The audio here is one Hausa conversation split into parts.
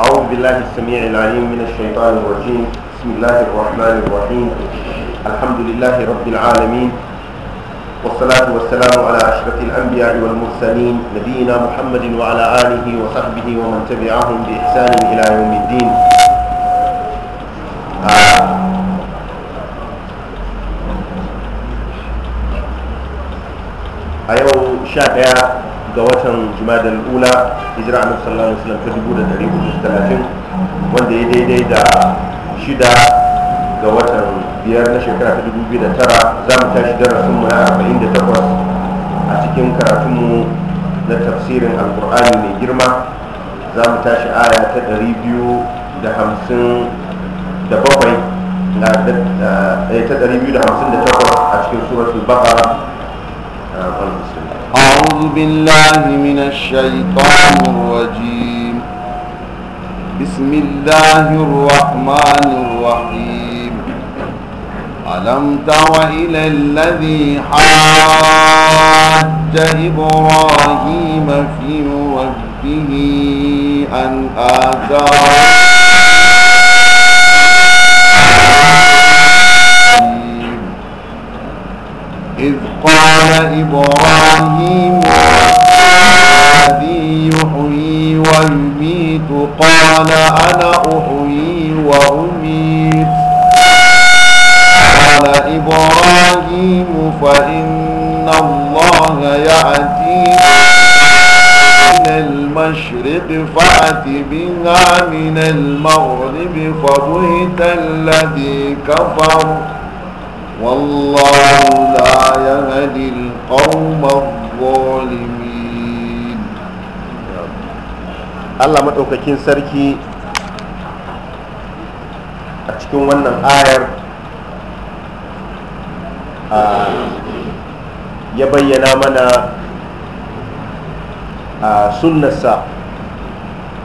أعوذ بالله السميع العليم من الشيطان الرجيم بسم الله الرحمن الرحيم الحمد لله رب العالمين والصلاة والسلام على أشرف الأنبياء والمرسلين نبينا محمد وعلى آله وصحبه ومن تبعهم بإحسان إلى يوم الدين أيوه آه. شاء ga watan jumadal ula hijira annabi sallallahu alaihi ta dubu da dari hudu talatin wanda ya daidai da shida ga watan biyar na shekara ta dubu biyu da tara za mu tashi darasin mu na arba'in da takwas a cikin karatunmu na tafsirin alkur'ani mai girma za mu tashi aya ta dari biyu da hamsin da bakwai eh, ta dari biyu da hamsin da takwas a cikin suratul baqara أعوذ بالله من الشيطان الرجيم بسم الله الرحمن الرحيم ألم تر إلى الذي حاج إبراهيم في ربه أن آتاه قال إبراهيم الذي يحيي ويميت قال أنا أحيي وأميت قال إبراهيم فإن الله يأتي من المشرق فأت بها من المغرب فبهت الذي كفر والله لا يهدي القوم الظالمين الله مدوكاكين سركي a cikin wannan ayar ya bayyana mana a sunnarsa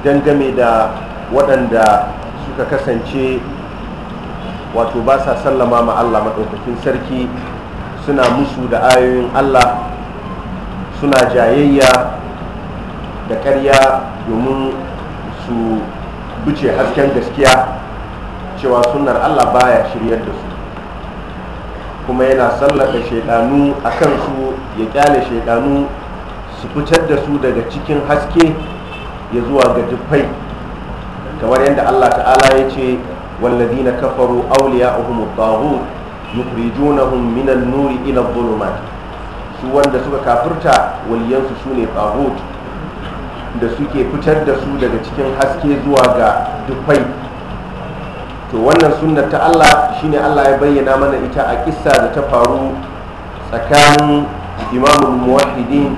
dangane da waɗanda suka kasance wato ba sa sallama ma Allah maɗaukakin sarki suna musu da ayoyin Allah suna jayayya da karya domin su bice hasken gaskiya cewa sunar Allah baya shiryar da su kuma yana sallaka shaidanu a kansu ya kyale shaidanu su fitar da su daga cikin haske ya zuwa ga dufai kamar yadda Allah ta'ala ya ce والذين كفروا أولياؤهم الطاغوت يخرجونهم من النور إلى الظلمات su wanda suka kafirta waliyansu su ne tsagot da suke fitar da su daga cikin haske zuwa ga dufai to wannan sunna ta Allah shine Allah ya bayyana mana ita a kissa da ta faru tsakanin imamul muwahhidin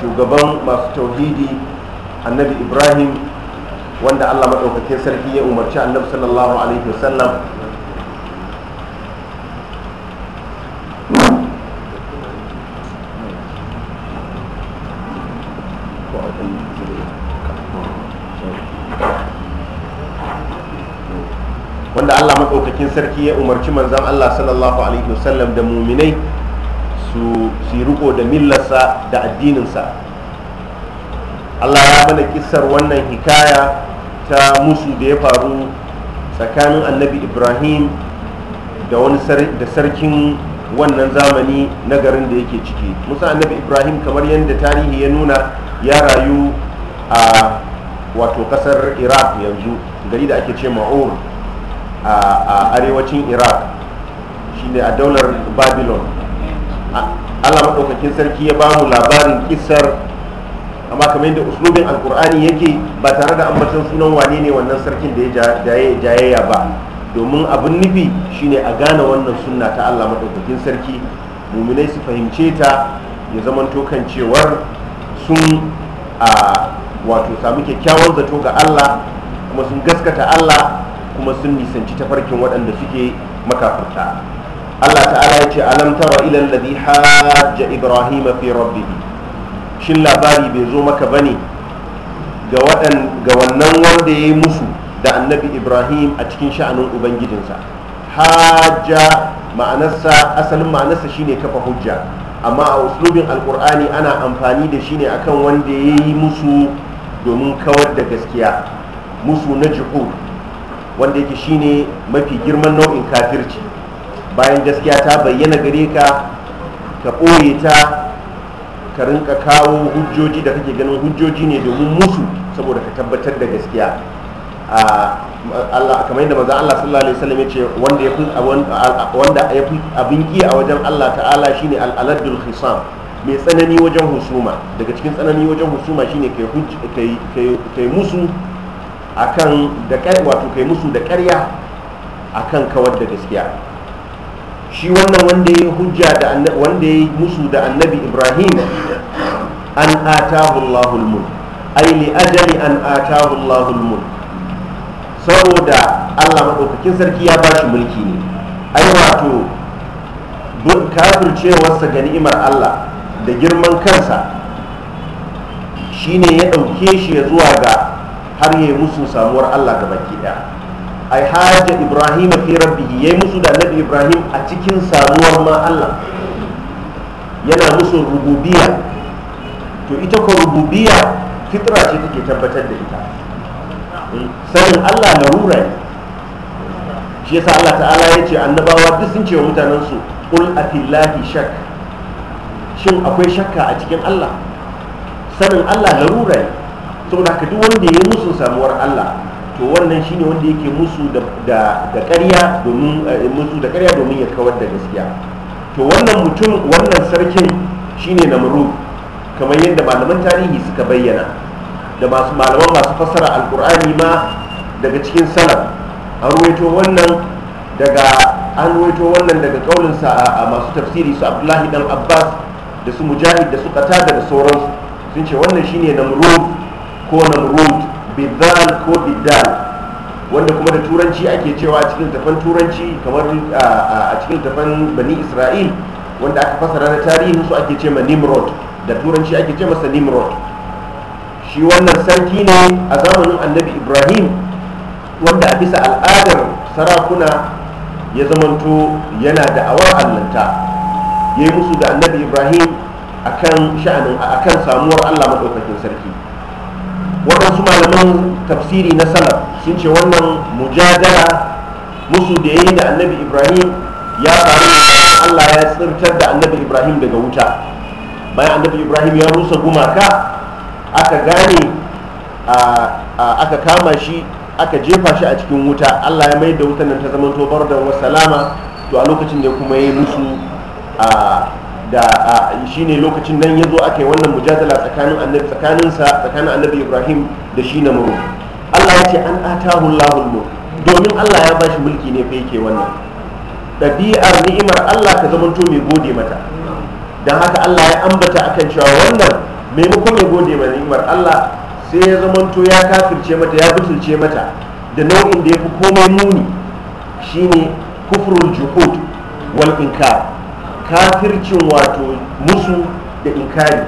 shugaban masu tauhidi annabi ibrahim wanda Allah maɗaukakin sarki ya umarci annabi sallallahu alaihi wasallam wanda Allah maɗaukakin sarki ya umarci manzan Allah sallallahu alaihi wasallam da muminai su riko da millarsa da addininsa Allah ya mana kisar wannan hikaya ta musu da ya faru tsakanin annabi ibrahim da wani sarkin wannan zamani na garin da yake ciki musa annabi ibrahim kamar yadda tarihi ya nuna ya rayu a wato kasar iraq yanzu gari da ake ce ma'ur a arewacin iraq shine a daular babylon allah maɗaukakin sarki ya bamu labarin kisar amma kamar yadda uslubin alkur'ani yake ba tare da ambaton sunan wane ne wannan sarkin da ya jayayya ba domin abin nufi shine a gane wannan sunna ta allah maɗaukakin sarki muminai su fahimce ta ya zama tokan cewar sun a wato samu kyakkyawan zato ga allah kuma sun gaskata allah kuma sun nisanci tafarkin waɗanda suke makafurta allah ta'ala ya ce alam tara ilal ladhi hajja ibrahima fi rabbihi shin labari bai zo maka ba ne ga wannan wanda ya yi musu da annabi ibrahim a cikin sha'anin ubangijinsa hajja ma'anarsa asalin ma'anarsa shine kafa hujja amma a uslubin alkur'ani ana amfani da shi ne akan wanda ya yi musu domin kawar da gaskiya musu na jihud wanda yake shine mafi girman nau'in kafirci bayan gaskiya ta bayyana gare ka ka ɓoye ta ka rinka kawo hujjoji da kake ganin hujjoji ne domin musu saboda ka tabbatar da gaskiya Allah kamar yadda maza Allah sallallahu alaihi wasallam yace wanda ya wanda ya fi abin ki a wajen Allah ta'ala shine al-aladul khisam mai tsanani wajen husuma daga cikin tsanani wajen husuma shine kai kai kai musu akan da kai wato kai musu da ƙarya akan kawar da gaskiya shi wannan wanda ya hujja da wanda ya musu da annabi ibrahim an atahu allahul mulk li ajali an atahu allahul saboda allah maɗaukakin sarki ya bashi mulki ne ai wato kafircewarsa ga ni'imar allah da girman kansa shine ya ɗauke shi ya zuwa ga har ya yi musu samuwar allah ga baki ɗaya ai haja ibrahim fi rabbihi yayi musu da annabi ibrahim a cikin samuwar ma Allah yana musu rububiyya to ita ko rububiyya fitra ce take tabbatar da ita eh, sanin Allah larura ne shi yasa Allah ta'ala ya ce annabawa duk sun ce wa mutanen su qul afillahi shak shin akwai shakka a cikin Allah sanin Allah larura ne saboda ka duk wanda ya musu samuwar Allah to wannan shine wanda yake musu da ƙarya domin eh, musu da ƙarya domin ya kawar da gaskiya to wannan mutum wannan sarkin shine namrud kamar yadda malaman tarihi suka bayyana da masu malaman masu fassara alkur'ani ma daga cikin salaf an ruwaito wannan daga an ruwaito wannan daga kaulinsa a masu tafsiri su abdullahi dan abbas da su mujahid da su qatada da sauransu sun ce wannan shine namru ko namrud bidal ko bidal wanda kuma da turanci ake cewa a cikin tafan turanci kamar a cikin tafan bani isra'il wanda aka fasara na tarihin su ake ce ma nimrod da turanci ake ce masa nimrod shi wannan sarki ne a zamanin annabi ibrahim wanda a bisa al'adar sarakuna ya zamanto yana da awar allanta ya yi musu da annabi ibrahim a kan samuwar allah maɗaukakin sarki waɗansu malaman tafsiri na salaf sun ce wannan mujadala musu da yayi da annabi ibrahim ya faru allah ya tsirtar da annabi ibrahim daga wuta bayan annabi ibrahim ya rusa gumaka aka gane aka kama shi aka jefa shi a cikin wuta allah ya mai da wutan nan ta zama tobar da salama. to a lokacin da kuma ya yi musu da shi ne lokacin nan ya zo aka yi wannan mujadala tsakanin annabi tsakaninsa annabi ibrahim da shi na muru allah ya ce an ata allahul mu domin allah ya bashi mulki ne fa yake wannan ɗabi'ar ni'imar allah ka zamanto mai gode mata don haka allah ya ambata akan cewa wannan maimakon ya gode mai ni'imar allah sai ya zamanto ya kafirce mata ya butulce mata da nau'in da ya fi komai muni shine kufrul juhud wal inkar kafircin wato musu da inkari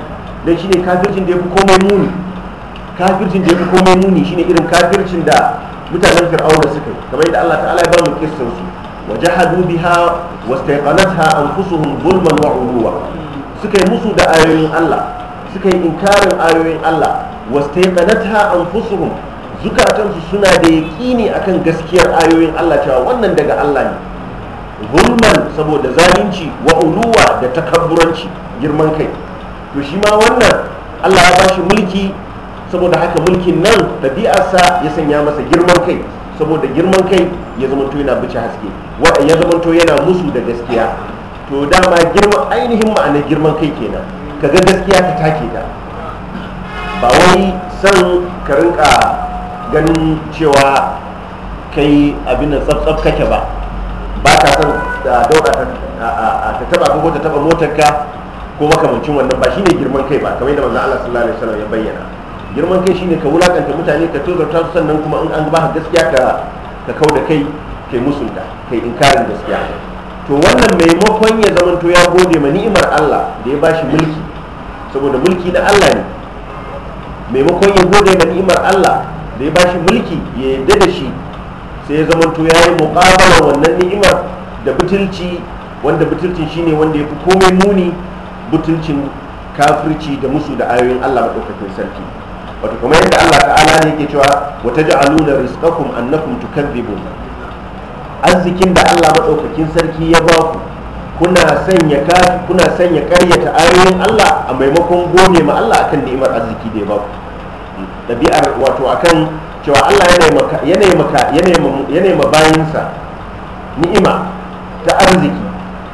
don shine kafircin da ya fi komai muni kafircin da ya fi komai muni shine irin kafircin da mutanen fir'auna suka yi kamar yadda Allah ta'ala ya ba mu kissan su wa jahadu biha wastaqanatha anfusuhum zulman wa uluwa suka yi musu da ayoyin Allah suka yi inkarin ayoyin Allah wastaqanatha anfusuhum zukatansu suna da yaƙini akan gaskiyar ayoyin Allah cewa wannan daga Allah ne zulman saboda zalunci wa uluwa da takabburanci girman kai to shi ma wannan allah ya bashi mulki saboda haka mulkin nan tabi'arsa ya sanya masa girman kai saboda girman kai ya zama to yana bice haske ya zama zamanto yana musu da gaskiya to dama girma ainihin ma'ana girman kai kenan kaga gaskiya ka take ta ba wai san ka rinka ganin cewa kai abin nan tsaf kake ba ba ta son dauka ta taba ko ta taba motarka ko makamancin wannan ba shine girman kai ba kamar yadda manzo Allah sallallahu alaihi wasallam ya bayyana girman kai shine ka wulakanta mutane ka tozarta su sannan kuma in an ba gaskiya ka ka kauda kai kai musunta kai inkarin gaskiya to wannan maimakon ya zamanto ya gode ma ni'imar Allah da ya bashi mulki saboda mulki na Allah ne maimakon ya gode ma ni'imar Allah da ya bashi mulki ya yarda da shi sai ya zama to yayi mukabala wannan ni'imar da butulci wanda butulcin shine wanda ya fi komai muni butulcin kafirci da musu da ayoyin Allah madaukakin sarki wato kuma yadda Allah ta'ala ne yake cewa wa taj'aluna rizqakum annakum tukadzibun arzikin da Allah madaukakin sarki ya ba ku kuna sanya ka kuna sanya karyata ayoyin Allah a maimakon gome ma Allah akan ni'imar arziki da ya ba ku hmm. ɗabi'ar wato akan cewa Allah yana ma bayansa ni'ima ta arziki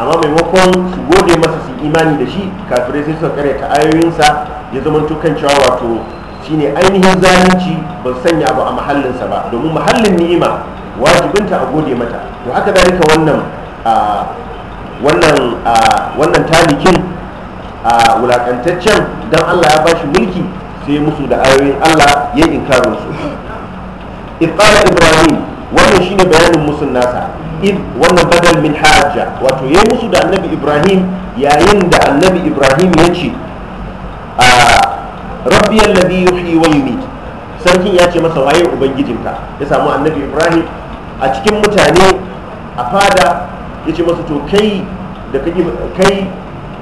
amma maimakon su gode masa su imani da shi kafirai sai suka kare ta ayoyinsa ya zama tukan cewa wato shine ainihin zalunci ba sanya abu a mahallinsa ba domin mahallin ni'ima wajibinta a gode mata to haka dalika rika wannan wannan talikin a wulakantaccen don Allah ya bashi mulki sai musu da ayoyin Allah ya yi su إذ ibrahim wannan shine bayanin musun nasa id wannan badal min haja, wato yayi musu da annabi ibrahim yayin da annabi ibrahim ya ce a rabbi sarkin ya ce masa waye ubangijinka ya samu annabi ibrahim a cikin mutane a fada ya ce masa to kai da kai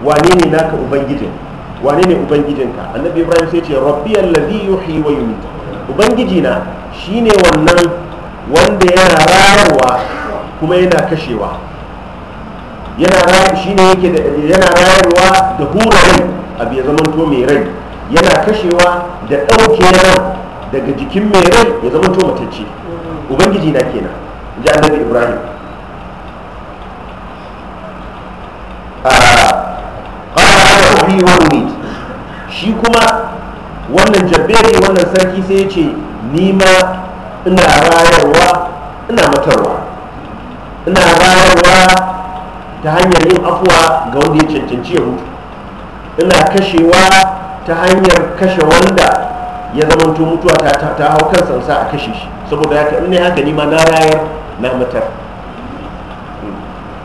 wane ne naka ubangijin wane ne ubangijinka annabi ibrahim sai ce rabbi alladhi yuhyi wa yumiit ubangijina shine wannan wanda yana rayarwa kuma yana kashewa yana rayar shine yake da yana rayarwa da hura rai abu ya zamanto mai rai yana kashewa da ɗauke ran daga jikin mai rai ya to matacce ubangiji na kenan ji annabi ibrahim a ƙara wani shi kuma wannan jabberi wannan sarki sai ya ce ni ma ina rayarwa ina matarwa ina rayarwa ta hanyar yin afuwa ga wanda ya cancanci ya mutu ina kashewa ta hanyar kashe wanda ya zamanto mutuwa ta hau kansa sa a kashe shi saboda haka in ne haka ni ma na rayar na matar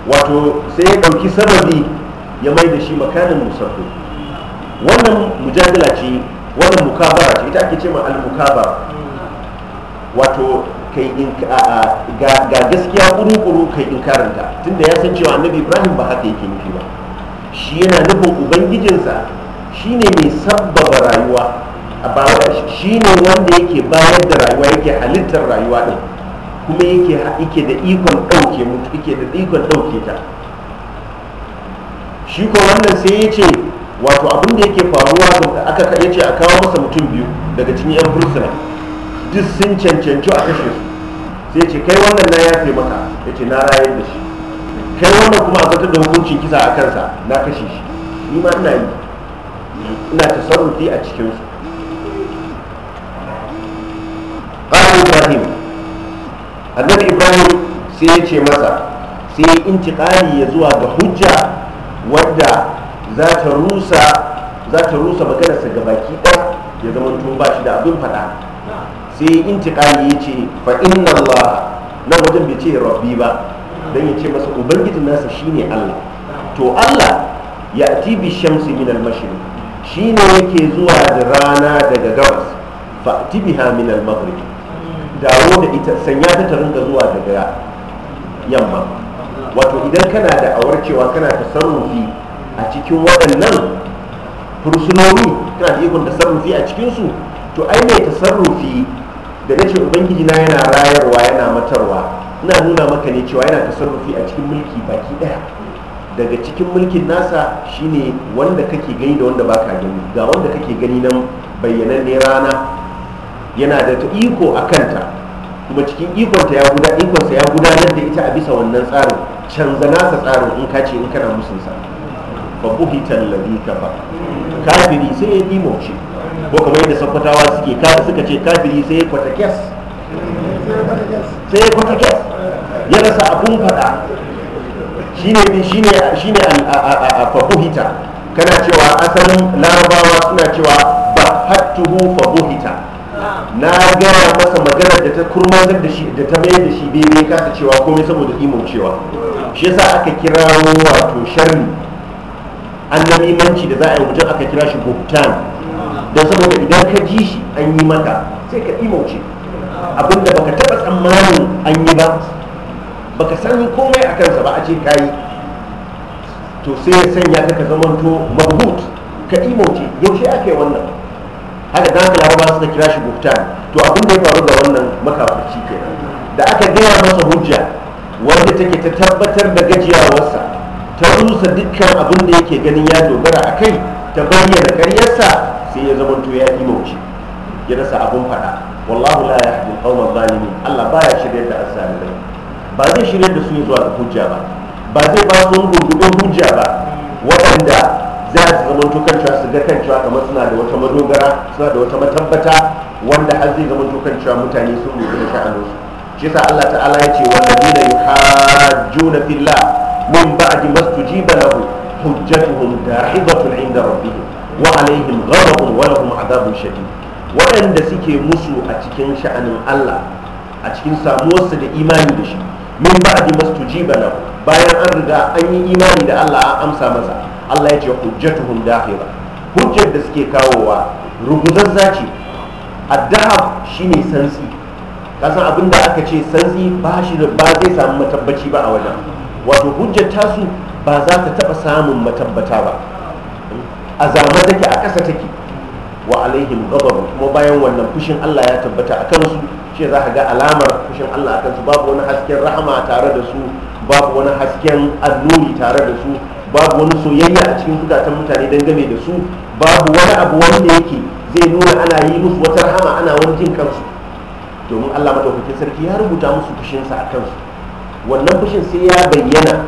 wato sai ya ɗauki sababi ya mai da shi makanin musafir wannan mujadala ce wannan mukabara ce ita ake ce ma al-mukabara wato kai in ga gaskiya kuru-kuru kai in karanta tunda ya san cewa annabi ibrahim ba haka yake nufi ba shi yana nufin ubangijinsa shine mai sabbaba rayuwa A shi ne wanda yake bayar da rayuwa yake halittar rayuwa ne, kuma yake yake da ikon ɗauke mutu yake da ikon dauke ta shi ko wannan sai ya ce wato abin da yake faruwa aka ya ce a kawo masa mutum biyu daga cikin yan fursuna duk sun cancanci a kashe su sai ce kai wannan na yafe maka ya ce na rayar da shi kai wannan kuma a zartar da hukuncin kisa a kansa na kashe shi ni ma ina yi ina tasarrufi a cikinsu ƙarar ibrahim annabi ibrahim sai ya ce masa sai ƙari ya zuwa ga hujja wadda za ta rusa maganarsa ga baki ɗaya ya zama tun ba shi da abin faɗa sai intiƙali ya ce fa inna Allah na wajen bai ce rabbi ba don ya ce masa ubangijin nasa shine Allah to Allah ya ti bi shamsi min al shi ne yake zuwa da rana daga gabas fa bi ha al-maghrib dawo da ita sanya ta ta zuwa daga yamma wato idan kana da awarcewa kana ta sarrufi a cikin waɗannan fursunoni tana da ikon tasarrufi a cikinsu to ai mai tasarrufi da na ce ubangiji na yana rayarwa yana matarwa ina nuna maka ne cewa yana tasarrufi a cikin mulki baki ɗaya daga cikin mulkin nasa shine wanda kake gani da wanda baka gani ga wanda kake gani nan bayyananne rana yana da ta iko a kanta kuma cikin ikonta ya ikonsa gudanar da ita a bisa wannan tsarin canza nasa tsarin in kace in kana musulsa fa buhitan ladhi kafiri sai ya dimauce ko kamar yadda sakwatawa suke suka ce kafiri sai ya kwata kyas sai ya kwata kyas ya rasa abun fada shi ne a fa kana cewa asalin larabawa suna cewa ba hattuhu fa na gaya masa maganar da ta kurmanzar da shi da ta mayar da shi daidai kasa cewa komai saboda imaucewa shi yasa aka kira wato sharri imanci da za a yi mutum aka kira shi buktan don saboda idan ka ji shi an yi maka sai ka imauce abinda baka taba tsammanin an yi ba baka san komai a kansa ba a ce kayi to sai ya sanya ka ka zamanto mahut ka imauce yaushe aka yi wannan haka dan haka laraba suka kira shi buktan to abin da ya faru da wannan makafarci kenan da aka gaya masa hujja wanda take ta tabbatar da gajiyawarsa ta rusa dukkan abin da yake ganin ya dogara a kai ta bayyana karyarsa sai ya zama to ya yi mauci ya rasa abin faɗa wallahu la yahdi al-qawma Allah baya shirye da azzalimai ba zai shirye da su zuwa ga hujja ba ba zai ba su gungumin hujja ba waɗanda za su zama to kan su ga kan cewa kamar suna da wata madogara suna da wata matabbata wanda har zai zama to kan cewa mutane sun lura da sha'aninsu shi yasa Allah ta'ala ya ce wa ladina yuhajjuna fillah من بعد ما استجيب له حجتهم داحضة عند ربهم وعليهم غضب ولهم عذاب شديد وأن سكي مسو أتكين شأن الله أتكين ساموس إيمان بشي من بعد ما استجيب له bayan an riga an yi imani da Allah an amsa masa Allah ya ce hujjatuhum ba hujjar da suke kawowa ruguzazza addahab shine sansi kasan abinda aka ce santsi ba shi ba zai samu matabbaci ba a wajen wato hujjar tasu ba za ta taɓa samun matabbata ba a zama take a ƙasa take wa alaihim gabaru kuma bayan wannan fushin Allah ya tabbata a kansu shi za ka ga alamar fushin Allah a kansu babu wani hasken rahama tare da su babu wani hasken annuri tare da su babu wani soyayya a cikin zukatan mutane dangane da su babu wani abu wanda yake zai nuna ana yi musu wata rahama ana wani jin kansu domin Allah madaukakin sarki ya rubuta musu fushinsa a kansu wannan fushin sai ya bayyana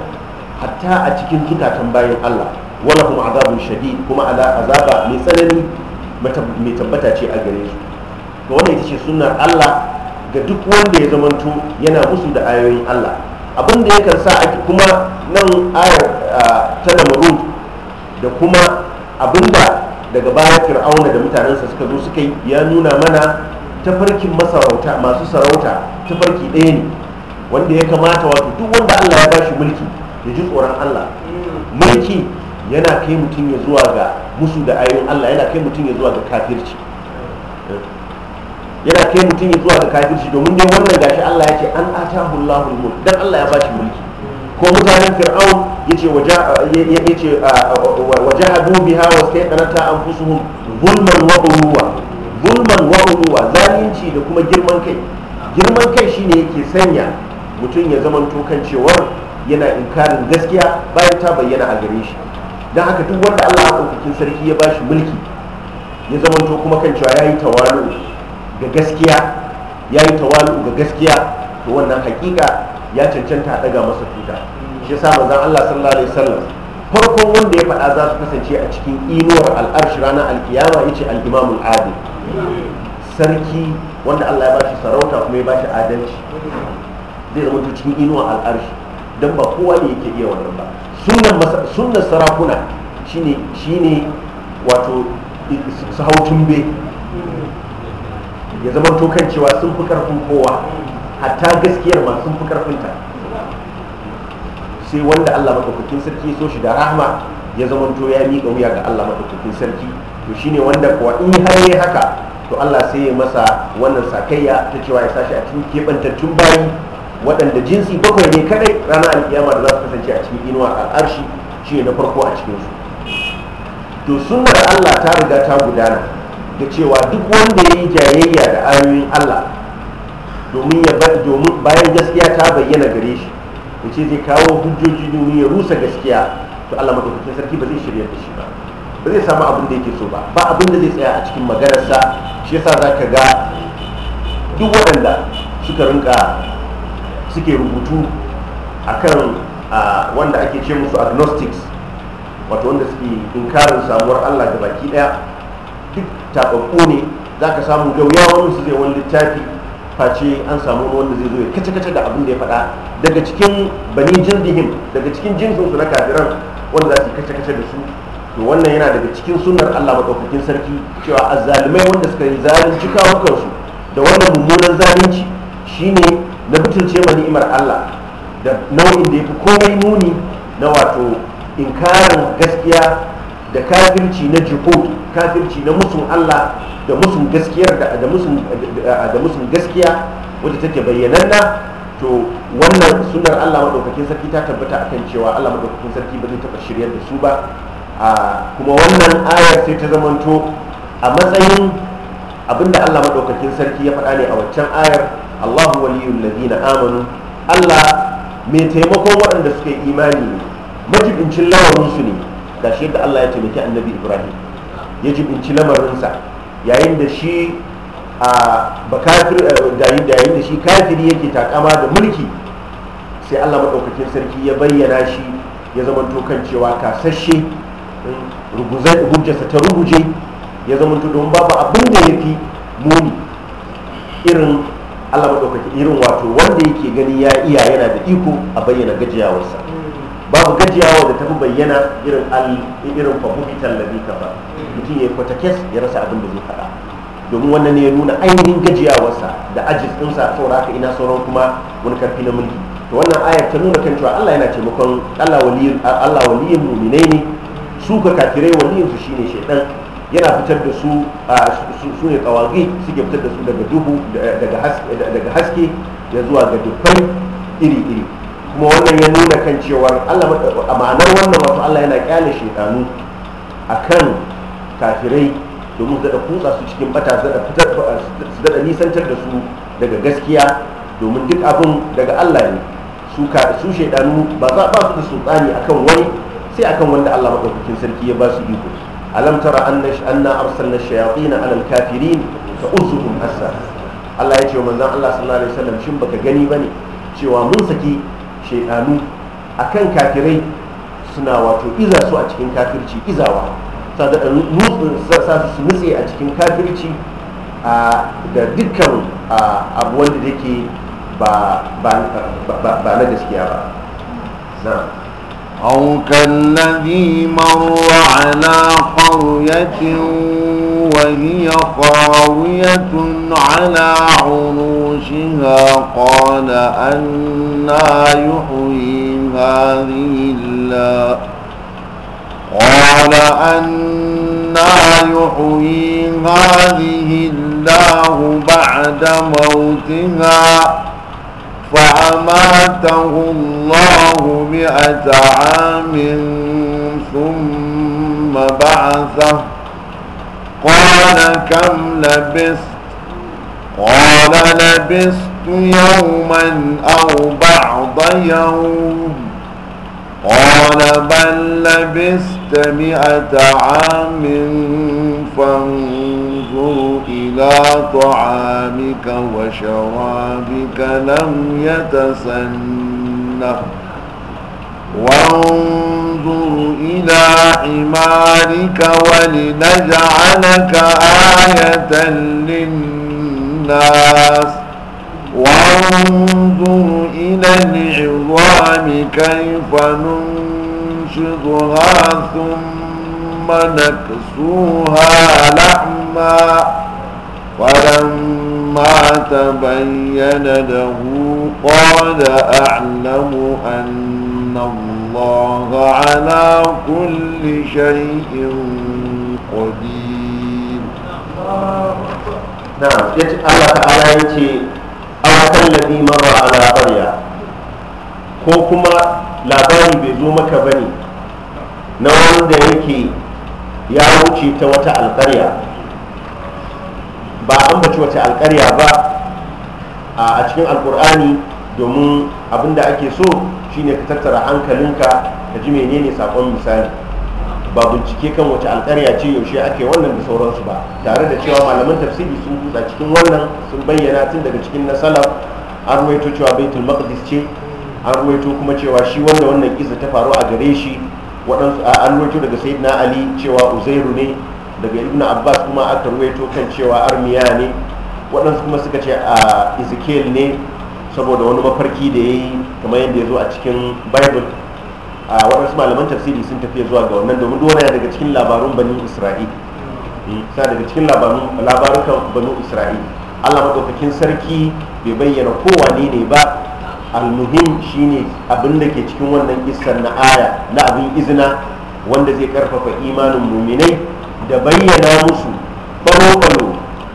hatta a cikin zukatan bayan Allah wala kuma azabun shadi kuma azaba mai tsanani mai tabbata ce a gare su to wannan ita ce sunnar Allah ga duk wanda ya zamanto yana musu da ayoyin Allah abin da yakan sa ake kuma nan ayar ta namrud da kuma abinda daga baya fir'auna da mutanensa suka zo suka yi ya nuna mana tafarkin masarauta masu sarauta tafarki ɗaya ne wanda ya kamata wato duk wanda Allah ya bashi mulki ya ji tsoron Allah mulki yana kai mutum ya zuwa ga musu da ayoyin Allah yana kai mutum ya zuwa ga kafirci yana kai mutum ya zuwa ga kafirci domin dai wannan gashi Allah ya ce an atahu Allahu mulk dan Allah ya bashi mulki ko mutanen fir'aun yace yace wajahadu biha wa saytanata anfusuhum zulman wa uwa zulman wa uwa zalunci da kuma girman kai girman kai shine yake sanya mutum ya zama kan cewar yana inkarin gaskiya bayan ta bayyana a gare shi don haka duk wanda allah maɗaukakin sarki ya bashi mulki ya zama kuma kan cewa ya yi tawalu ga gaskiya ya tawalu ga gaskiya to wannan hakika ya cancanta a daga masa tuta shi yasa manzon allah sallallahu alaihi wasallam farkon wanda ya faɗa za su kasance a cikin inuwar al'arshi ranar alkiyama ya ce al'imamul adi. sarki wanda allah ya bashi sarauta kuma ya bashi adalci zai zama cikin inuwa al'arshi don ba kowa ne yake iya wannan ba sunan sarakuna shine wato su hau ya zama tokan cewa sun fi karfin kowa hatta gaskiyar ma sun fi ta sai wanda Allah madaukakin sarki so shi da rahama ya zama to ya miƙa wuya ga Allah madaukakin sarki to shine wanda kuwa in har ne haka to Allah sai ya masa wannan sakayya ta cewa ya sashi a cikin keɓantattun bayi waɗanda jinsi bakwai ne kadai ranar alkiyama da za su kasance a cikin inuwa a arshi shi na farko a su to sunnar allah ta riga ta gudana da cewa duk wanda ya yi jayayya da ayoyin allah domin ya domin bayan gaskiya ta bayyana gare shi ya ce zai kawo hujjoji domin ya rusa gaskiya to allah madaukakin sarki ba zai shirya da shi ba ba zai samu abin da yake so ba ba abin da zai tsaya a cikin maganarsa shi yasa za ka ga duk waɗanda suka rinka suke rubutu akan wanda ake ce musu agnostics wato wanda suke inkarin samuwar allah da baki daya duk tababbo ne za ka samu gauya wani su zai wani littafi face an samu wanda zai zo ya kace-kace da abin da ya faɗa daga cikin bani jildihim daga cikin jinsinsu na kafiran wanda za su kace-kace da su to wannan yana daga cikin sunar allah maɗaukakin sarki cewa azzalumai wanda suka yi zalunci kawo kansu da wannan mummunan zalunci shine na butulce wa ni'imar Allah da nau'in da ya fi komai nuni na wato inkarin gaskiya da kafirci na jihud kafirci na musun Allah da musun gaskiyar da musun gaskiya wadda take bayyananna to wannan sunar Allah maɗaukakin sarki ta tabbata kan cewa Allah maɗaukakin sarki ba zai taɓa shiryar da su ba kuma wannan ayar sai ta zamanto a matsayin abinda Allah maɗaukakin sarki ya faɗa ne a waccan ayar Allahu waliyul ladina amanu Allah mai taimakon waɗanda suka yi imani ne majibincin su ne da shi yadda Allah ya taimaki annabi Ibrahim ya jibinci lamarinsa yayin da shi a bakafir eh, yayin da shi kafiri yake takama da mulki sai Allah maɗaukakin sarki ya bayyana shi ya zama kan cewa kasashe eh, sa ta ruguje ya zama domin babu abin da ya fi muni irin Allah madaukaki irin wato wanda yake gani ya iya yana da iko a bayyana gajiyawarsa babu gajiyawa da tafi bayyana irin al irin fahumitan ladhi ba mutum ya kwata kes ya rasa abin da zai faɗa domin wannan ne ya nuna ainihin gajiyawarsa da aji ɗinsa saura haka ina sauran kuma wani karfi na mulki to wannan ayar ta nuna kan cewa Allah yana taimakon Allah waliyin Allah waliyin mu'minai ne su ka kafirai waliyin su shine shaitan yana fitar da su su ne kawagi suke fitar da su daga duhu daga haske ya zuwa ga dukkan iri-iri kuma wannan ya nuna kan cewar a ma'anar wannan wato allah yana kyale shekaru a kan kafirai domin zaɗa kutsa su cikin bata su zaɗa nisantar da su daga gaskiya domin duk abin daga allah ne su shaidanu ba za ba su da sultani akan wani sai akan wanda allah maɗaukakin sarki ya ba su iko alam tara anna arsalna shayatin ala alkafirin fa uzuhum asa Allah ya ce wa manzon Allah sallallahu alaihi wasallam shin baka gani bane cewa mun saki shaytanu akan kafirai suna wato iza su a cikin kafirci izawa sa su nutse a cikin kafirci da dukkan abu wanda yake ba na gaskiya ba na'am أو كالذي مر على قرية وهي خاوية على عروشها قال أنا يحيي هذه الله قال أنا يحيي هذه الله بعد موتها فأماته الله مئة عام ثم بعثه قال كم لبست قال لبست يوما أو بعض يوم قال بل لبست مئة عام فانظر انظر إلى طعامك وشرابك لم يتسنه وانظر إلى حمارك ولنجعلك آية للناس وانظر إلى العظام كيف ننشطها ثم نكسوها لحما أعمى فلما تبين له قال أعلم أن الله على كل شيء قدير نعم الله تعالى يتي أو الذي مر على قرية ko kuma labari bai zo maka ba ne na wanda yake ya wuce ta wata alkarya ba an bace wace alkarya ba a cikin alƙur'ani domin abin da ake so shine ka tattara hankalinka ka ji menene sakon misali ba bincike kan wace alkarya ce yaushe ake wannan da sauransu ba tare da cewa malaman tafsiri sun kutsa cikin wannan sun bayyana tun daga cikin na an ruwaito cewa baitul maqdis ce an ruwaito kuma cewa shi wanda wannan iza ta faru a gare shi waɗansu an ruwaito daga sayyidina ali cewa uzairu ne daga ibn abbas kuma aka ruwaito kan cewa armiya ne waɗansu kuma suka ce a ezekiel ne saboda wani mafarki da ya yi kamar yadda ya zo a cikin bible a waɗansu malaman tafsiri sun tafiya zuwa ga wannan domin duwana daga cikin labarun banu isra'ila hmm, sa daga cikin labarukan banu israi allah maɗaukakin sarki bai bayyana kowa ne ba almuhim shine abin da ke cikin wannan kissar na aya na abin izina wanda zai karfafa imanin muminai da bayyana musu balo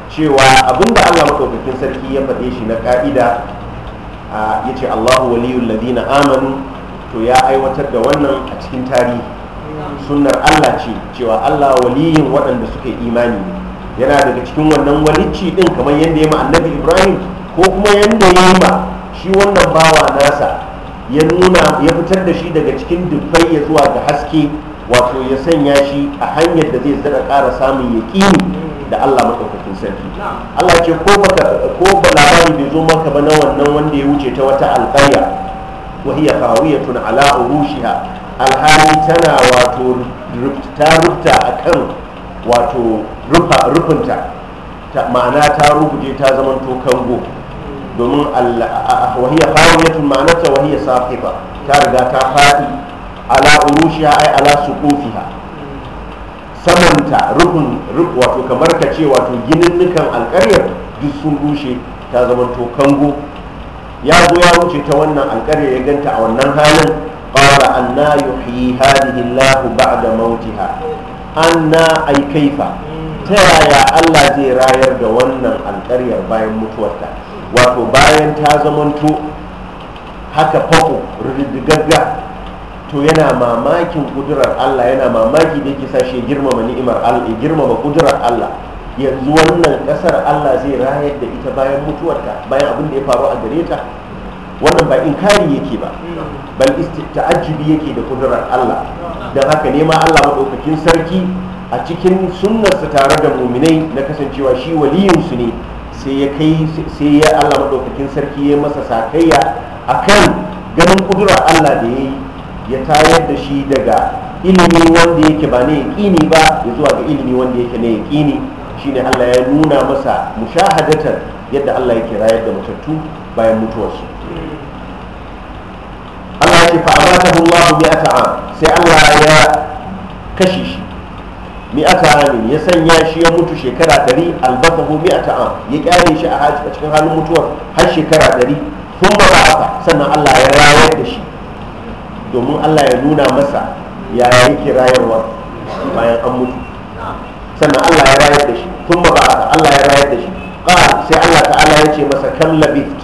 cewa abinda allah maɗaukakin sarki ya faɗe shi na ƙa'ida ya ce allahu Waliyu ladina amanu to ya aiwatar da wannan a cikin tarihi sunnar allah ce cewa allah waliyin waɗanda suka imani yana daga cikin wannan walici ɗin kamar yadda ya ma annabi ibrahim ko kuma yadda ya yi ma shi wannan bawa nasa ya nuna ya fitar da shi daga cikin dubbai ya zuwa ga haske wato ya sanya shi a hanyar da zai zara ƙara samun yaƙini da Allah maɗaukakin sarki Allah ce ko baka ko labari bai zo maka ba na wannan wanda ya wuce ta wata alƙarya wa hiya qawiyatun ala urushiha alhali tana wato ta a akan wato rufa rufinta ma'ana ta rubuje ta to kango domin wa hiya ta wahi wa hiya ba ta riga ta faɗi ala urushiha ai ala suqufiha samanta rufin wato kamar ka ce wato gininnukan alƙaryar duk sun rushe ta zama to kango ya zo ya wuce ta wannan alƙaryar ya ganta a wannan halin qala anna yuhyi hadhihi Allah ba'da mautiha anna ai kaifa ta yaya Allah zai rayar da wannan alƙaryar bayan mutuwarta wato bayan ta zamanto haka fako rididdigagga to yana mamakin kudurar Allah yana mamaki da yake sa shi girmama ni'imar Allah girmama kudurar Allah yanzu wannan kasar Allah zai rayar da ita bayan mutuwarta bayan abin da ya faru a gare ta wannan ba inkari yake ba bal ta'ajjubi yake da kudurar Allah dan haka ne ma Allah madaukakin sarki a cikin sunnarsa tare da muminai na kasancewa shi su ne sai ya kai sai ya Allah madaukakin sarki ya masa sakayya akan ganin kudurar Allah da ya yi ya tayar da shi daga ilimi wanda yake ba na yaƙini ba ya zuwa ga ilimi wanda yake na yaƙini shine Allah ya nuna masa mushahadatar yadda Allah yake rayar da matattu bayan mutuwarsu Allah ya ce fa amatahu Allah mi'ata am sai Allah ya kashe shi mi'ata amin ya sanya shi ya mutu shekara 100 albasa mi'ata am ya kyare shi a cikin halin mutuwar har shekara 100 kuma ba'atha sannan Allah ya rayar da shi domin Allah ya nuna masa ya yake rayarwa bayan an mutu sannan Allah ya rayar da shi tun ba Allah ya rayar da shi qal sai Allah ta'ala ya ce masa kam labift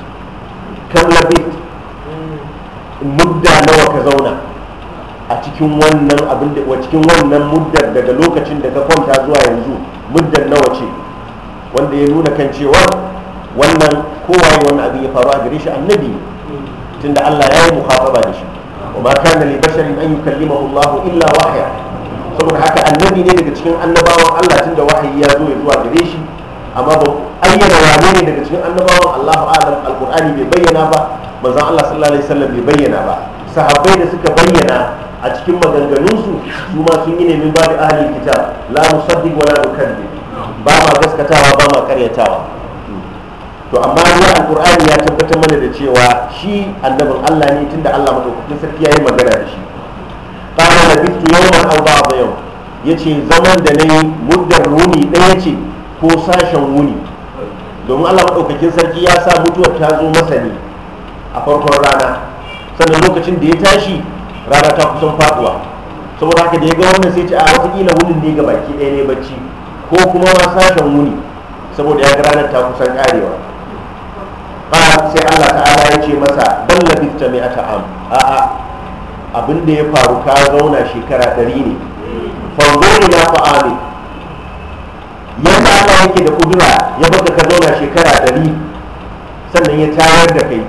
mudda nawa ka zauna a cikin wannan abin da cikin wannan muddar daga lokacin da ka kwanta zuwa yanzu muddar nawa ce wanda ya nuna kan cewa wannan kowa wani abin ya faru a gare shi annabi tunda Allah ya yi mukhafaba da shi wa ma kana li basharin an yukallimahu Allah illa wahya saboda haka annabi ne daga cikin annabawan Allah tunda wahayi ya zo ya zuwa gare shi amma ba ayyana wane ne daga cikin annabawan Allah alam alqur'ani bai bayyana ba manzon Allah sallallahu alaihi wasallam bai bayyana ba sahabbai da suka bayyana a cikin maganganunsu su ma sun yi nemin ba da ahalin kitab la musaddiq wala nukaddib ba ma gaskatawa ba ma karyatawa to amma ruwa alkur'ani ya tabbatar mana da cewa shi annabin allah ne tunda allah madaukakin sarki ya yi magana da shi kama da bitu yawan an ba yau ya ce zaman da na yi muddar wuni ɗaya ce ko sashen wuni domin allah madaukakin sarki ya sa mutuwar ta zo masa ne a farkon rana sannan lokacin da ya tashi rana ta kusan faduwa saboda haka da ya ga wannan sai ce a watakila wunin ne ga baki ɗaya ne bacci ko kuma ma sashen wuni saboda ya ga ranar ta kusan karewa sai Allah ta'ala ya ce masa bal labithta jami'ata am a a abin da ya faru ka zauna shekara ɗari ne fanzur ila fa'ali yanda Allah yake da kudura ya baka ka zauna shekara ɗari sannan ya tayar da kai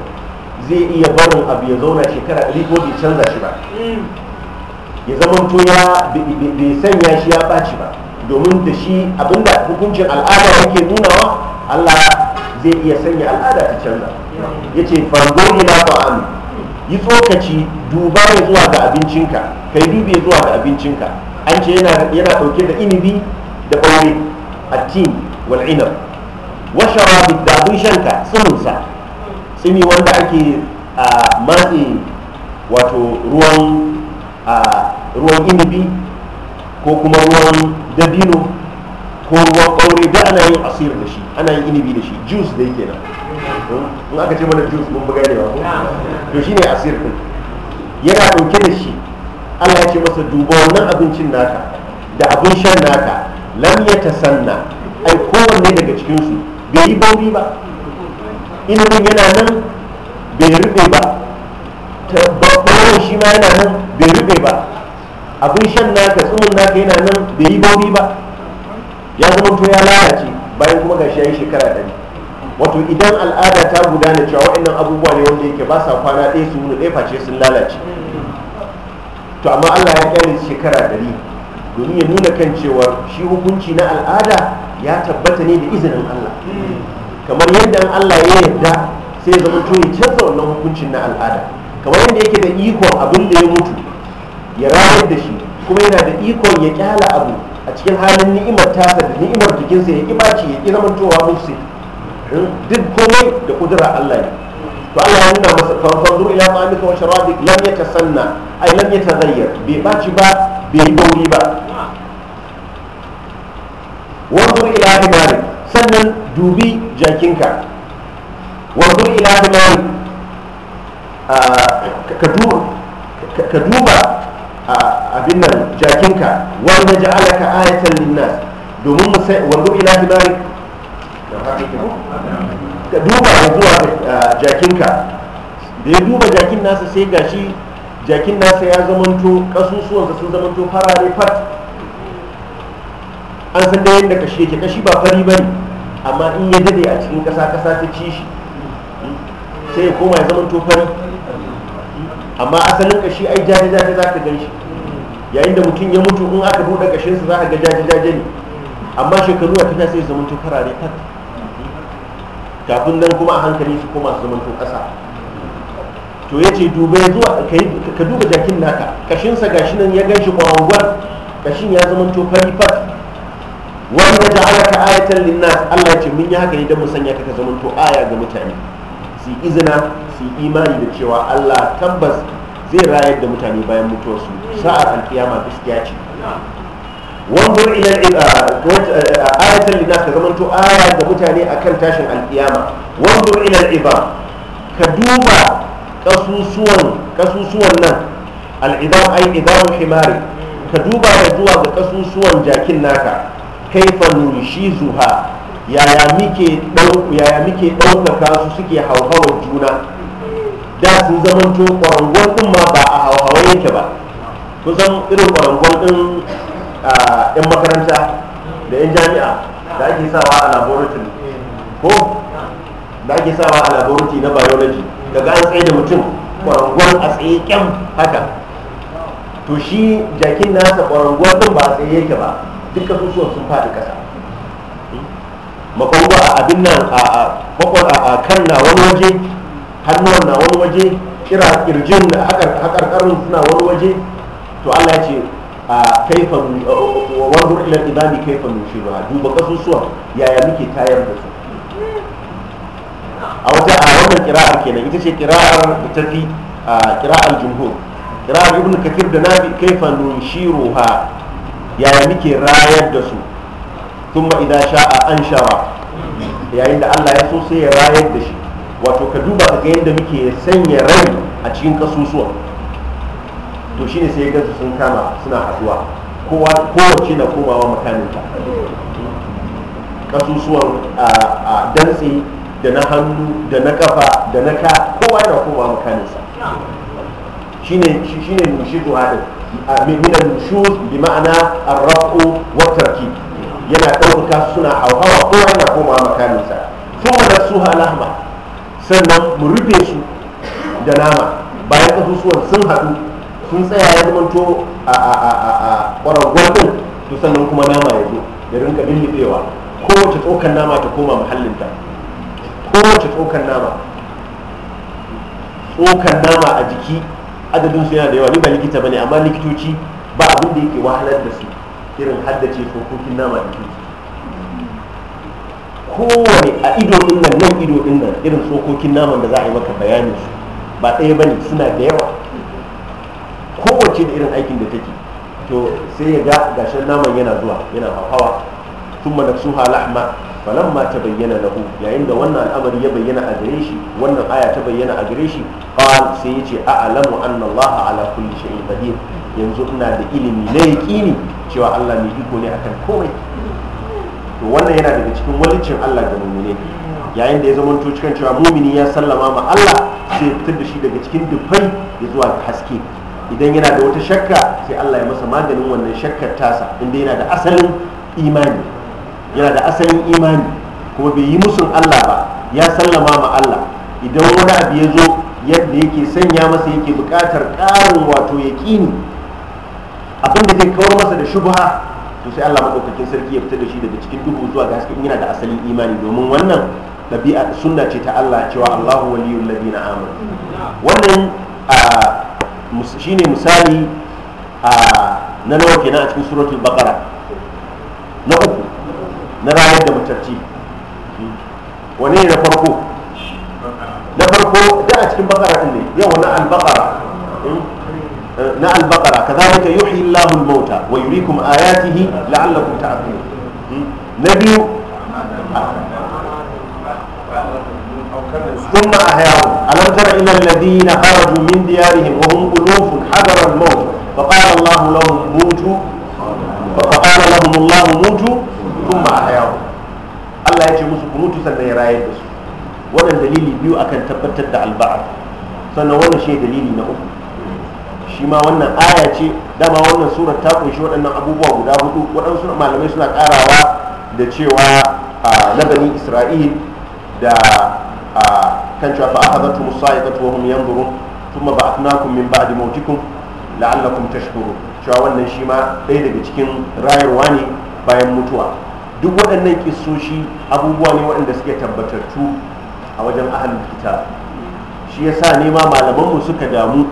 zai iya barin abu ya zauna shekara ɗari ko bai canza shi ba ya zama to ya bai sanya shi ya ɓaci ba domin da shi abinda hukuncin al'ada yake nunawa allah zai iya sanya al'ada ta canza ya ce fango ila ba'ami yi tsokaci duba ya zuwa ga abincinka Kai yi dubi zuwa ga abincinka an ce yana ɗauke da inibi da ɓaure a tin wal'inar washe rabu da abin shanka tsiminsa tsimi wanda ake a matse wato ruwan inibi ko kuma ruwan dabino ko ruwan ɓaure da ana yin asir da shi ana yin inibi da shi juice da yake nan in aka ce mana juice mun buga ne wato to shine asir din yana ɗauke da shi Allah ya ce masa duba wannan abincin naka da abin shan naka lam ya sanna, ai kowanne daga cikin su bai yi bauri ba inibin yana nan bai rube ba babban shi ma yana nan bai rube ba abin shan naka tsumin naka yana nan bai yi bauri ba ya zama to ya lalace bayan kuma gashi ya shekara ɗari wato idan al'ada ta gudana cewa waɗannan abubuwa ne wanda yake ba sa kwana ɗaya su wuni ɗaya face sun lalace to amma allah ya kyale shekara ɗari domin ya nuna kan cewa shi hukunci na al'ada ya tabbata ne da izinin allah kamar yadda allah ya yarda sai ya zama to ya canza wannan hukuncin na al'ada kamar yadda yake da ikon abin da ya mutu ya rayar da shi kuma yana da ikon ya kyala abu a cikin halin ni'imar tasa da ni'imar jikinsa ya kima ce ya ƙi zamantowa musu hmm? duk komai da kudura Allah ne to Allah ya nuna masa fanfanzu ila ma'amika wa sharadik lam ya tasanna ai lam ya bai baci ba bai dauri ba wanzu ila himari sannan dubi jakinka wanzu ila himari ah, ka duba abin nan jakinka wanda alaka ayatan linnas domin mu sai wando ila himari ka duba ya zuwa jakinka da ya duba jakin nasa sai gashi jakin nasa ya zamanto kasusuwansa sun zamanto farare fat an san da yadda kashi yake kashi ba fari ba ne amma in ya dade a cikin kasa kasa ta ci shi sai ya koma ya zamanto fari amma asalin kashi ai jaji jaji za ka gan shi yayin da mutum ya mutu in aka buɗe kashinsa za a ga jaji jaji ne amma shekaru a tana sai zama tun farare tak kafin nan kuma a hankali su koma su zama tun ƙasa to yace ce duba ya zuwa ka duba jakin naka sa gashi nan ya gan shi kashin ya zama tun fari fat wanda ja'alaka ayatan linnas Allah ya ce mun yi haka ne don mu sanya ka ka zama aya ga mutane su izina su imani da cewa Allah tambas zai rayar da mutane bayan mutuwarsu sa'ar alkiyama gaskiya ce wanzur ila uh, uh, ayatan linas ka zamanto aya ga mutane akan tashin alkiyama wanzur ila al'ibam ka duba kasusuwan kasusuwan nan al'ibam ai ibamu himari ka duba da zuwa ga kasusuwan jakin naka kaifa shi zuha yaya muke ɗaukaka su suke hauhawar juna da sun zamanto ƙwarangon ɗin ma ba a hauhawar yake ba kusan irin ƙwarangon ɗin yan makaranta da yan jami'a da ake sawa a laboratory ko da ake sawa a laboratory na biology daga an tsaye da mutum ƙwarangon a tsaye kyam haka to shi jakin nasa ƙwarangon ɗin ba a tsaye yake ba duk kasusuwan sun faɗi ƙasa makwamba a abin nan a kan na wani waje hannuwan na wani waje kira kirjin na hakarkarin suna wani waje to allah ce a kaifa wanzur ilal imami kaifa ba, duba kasusuwa yaya muke tayar da su a wata a wannan kira'ar kenan ita ce kira'ar da ta fi kira'ar jumhur kira'ar ibn kafir da na kaifan kaifa nushiruha yaya muke rayar da su thumma idza sha'a anshara yayin da Allah ya so sai ya rayar da shi wato ka duba ka ga yadda muke sanya rai a cikin kasusuwa to shine sai gansu sun kama suna haduwa kowa kowace na komawa makaninta kasusuwan a dantse da na hannu da na kafa da na ka kowa na komawa makaninsa shine shine nushidu hadin min al-nushuz bi ma'ana ar-raf'u wa tarkib yana ɗaukaka suna hauhawa ko yana koma makaminsa sun da su halama sannan mu rufe su da nama bayan ƙasusuwan sun haɗu sun tsaya ya zamanto a ƙwararwar ɗin to sannan kuma nama ya zo ya rinka lullubewa kowace tsokan nama ta koma muhallinta kowace tsokan nama tsokan nama a jiki adadin su yana da yawa ni ba likita ba ne amma likitoci ba abin da yake wahalar da su irin haddace tsokokin nama da kuki kowane a ido din nan nan ido din nan irin tsokokin naman da za a yi maka bayani su ba ɗaya ba ne suna da yawa kowace da irin aikin da take to sai ya ga gashin naman yana zuwa yana hawa sun mana suha falon ma ta bayyana lahu yayin da wannan al'amari ya bayyana a gare shi wannan aya ta bayyana a gare shi qal sai ya ce ala kulli shay'in qadir yanzu ina da ilimi na yaƙini cewa Allah mai iko ne akan komai to wannan yana daga cikin walicin Allah ga mumine yayin da ya zama to cikin cewa mumini ya sallama ma Allah sai fitar da shi daga cikin dufai ya zuwa haske idan yana da wata shakka sai Allah ya masa maganin wannan shakkar tasa inda yana da asalin imani yana da asalin imani kuma bai yi musun Allah ba ya sallama ma Allah idan wani abu ya zo yadda yake sanya masa yake bukatar ƙarin wato yaƙini abin da zai kawar masa da shubha to sai Allah madaukakin sarki ya fita da shi daga cikin duhu zuwa ga hasken yana da asalin imani domin wannan ɗabi'a sunna ce ta Allah cewa Allahu waliyyul ladina amanu wannan shine misali na nawa kenan a cikin suratul baqara na uku na rayar da mutacci wane ne na farko na farko da a cikin baqara din ne yau wannan al-baqara hmm? na albakara baqara kadhalika yuhyi Allahu al-mauta wa yuriikum kun ta ta'qilun hmm? na biyu ثم أحياهم ألم تر إلى الذين خرجوا من ديارهم وهم ألوف حذر الموت فقال الله لهم موتوا فقال لهم الله موتوا a أحياهم Allah ya ce musu mutu sannan ya raye da su wannan dalili biyu akan tabbatar da alba'ar sannan wannan shi dalili na uku shi ma wannan aya ce dama wannan sura ta kunshi waɗannan abubuwa guda hudu waɗansu malamai suna ƙarawa da cewa a labanin isra'il da a kan cewa fa akhadhatu musa'idatu wa hum yanzurun ba ba'athnakum min ba'di mawtikum la'allakum tashkurun cewa wannan shi ma ɗaya daga cikin rayarwa ne bayan mutuwa duk waɗannan kisoshi abubuwa ne waɗanda suke tabbatattu a wajen ahalin kita shi yasa nema ma malamanmu suka damu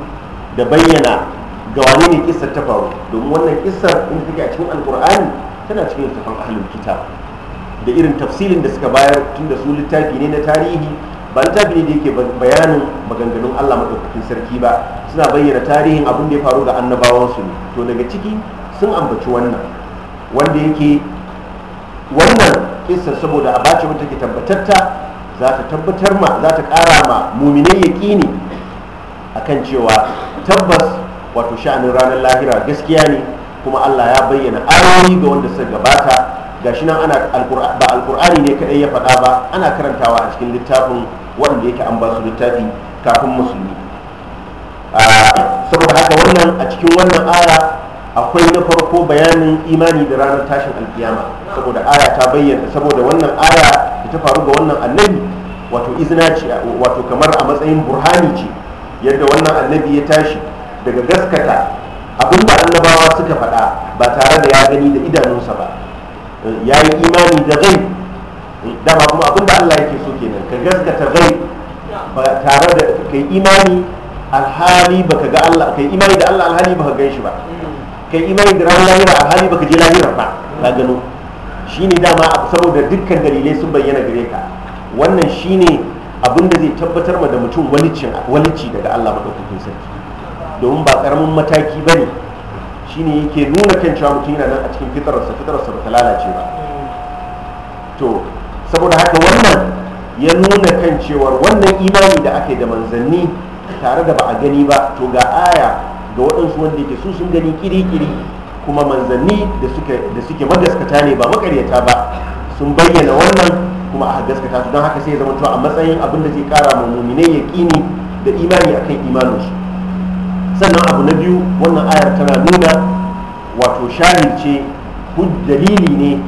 da bayyana ga wane ne kisar ta faru domin wannan kisar in take a cikin alkur'ani tana cikin littafin ahlul kitab da irin tafsilin da suka bayar tun da su littafi ne na tarihi ba littafi ne da yake bayanin maganganun Allah madaukakin sarki ba suna bayyana tarihin abin da ya faru ga su ne to daga ciki sun ambaci wannan wanda yake wannan kisar saboda a bace mata ke tabbatatta za ta tabbatar ma za ta kara ma muminai yaƙini akan cewa tabbas wato sha'anin ranar lahira gaskiya ne kuma Allah ya bayyana ayoyi ga wanda suka gabata ga shi nan ana ba alkur'ani ne kadai ya faɗa ba ana karantawa a cikin littafin wanda yake an ba su littafi kafin musulmi saboda haka wannan a cikin wannan aya akwai na farko bayanin imani da ranar tashin alkiyama saboda aya ta bayyana saboda wannan aya da ta faru ga wannan annabi wato izina ce wato kamar a matsayin burhani ce yadda wannan annabi ya tashi daga gaskata abinda annabawa suka faɗa ba tare da ya gani da idanunsa ba ya yi imani da zai dama kuma abinda allah yake so kenan ka gaskata zai ba tare da ka yi imani alhali ba ka ga allah ka yi imani da allah alhali ba ka gan shi ba ka yi imani da ranar lahira alhali ba ka je lahira ba ka gano shi ne dama saboda dukkan dalilai sun bayyana gare ka wannan shi ne da zai tabbatar ma da mutum walici daga Allah maɗaukakin sarki domin ba ƙaramin mataki ba ne shi ne yake nuna kan cewa mutum yana nan a cikin fitararsa fitararsa ba ta lalace ba to saboda haka wannan ya nuna kan cewar wannan imani da aka yi da manzanni tare da ba a gani ba to ga aya ga waɗansu wanda yake su sun gani kiri kuma manzanni da suke magaskata ne ba makaryata ba sun bayyana wannan kuma aka gaskata su don haka sai ya zama a matsayin abin da zai kara ma muminai yaƙini da imani akan kan su sannan abu na biyu wannan ayar tana nuna wato shahil ce dalili ne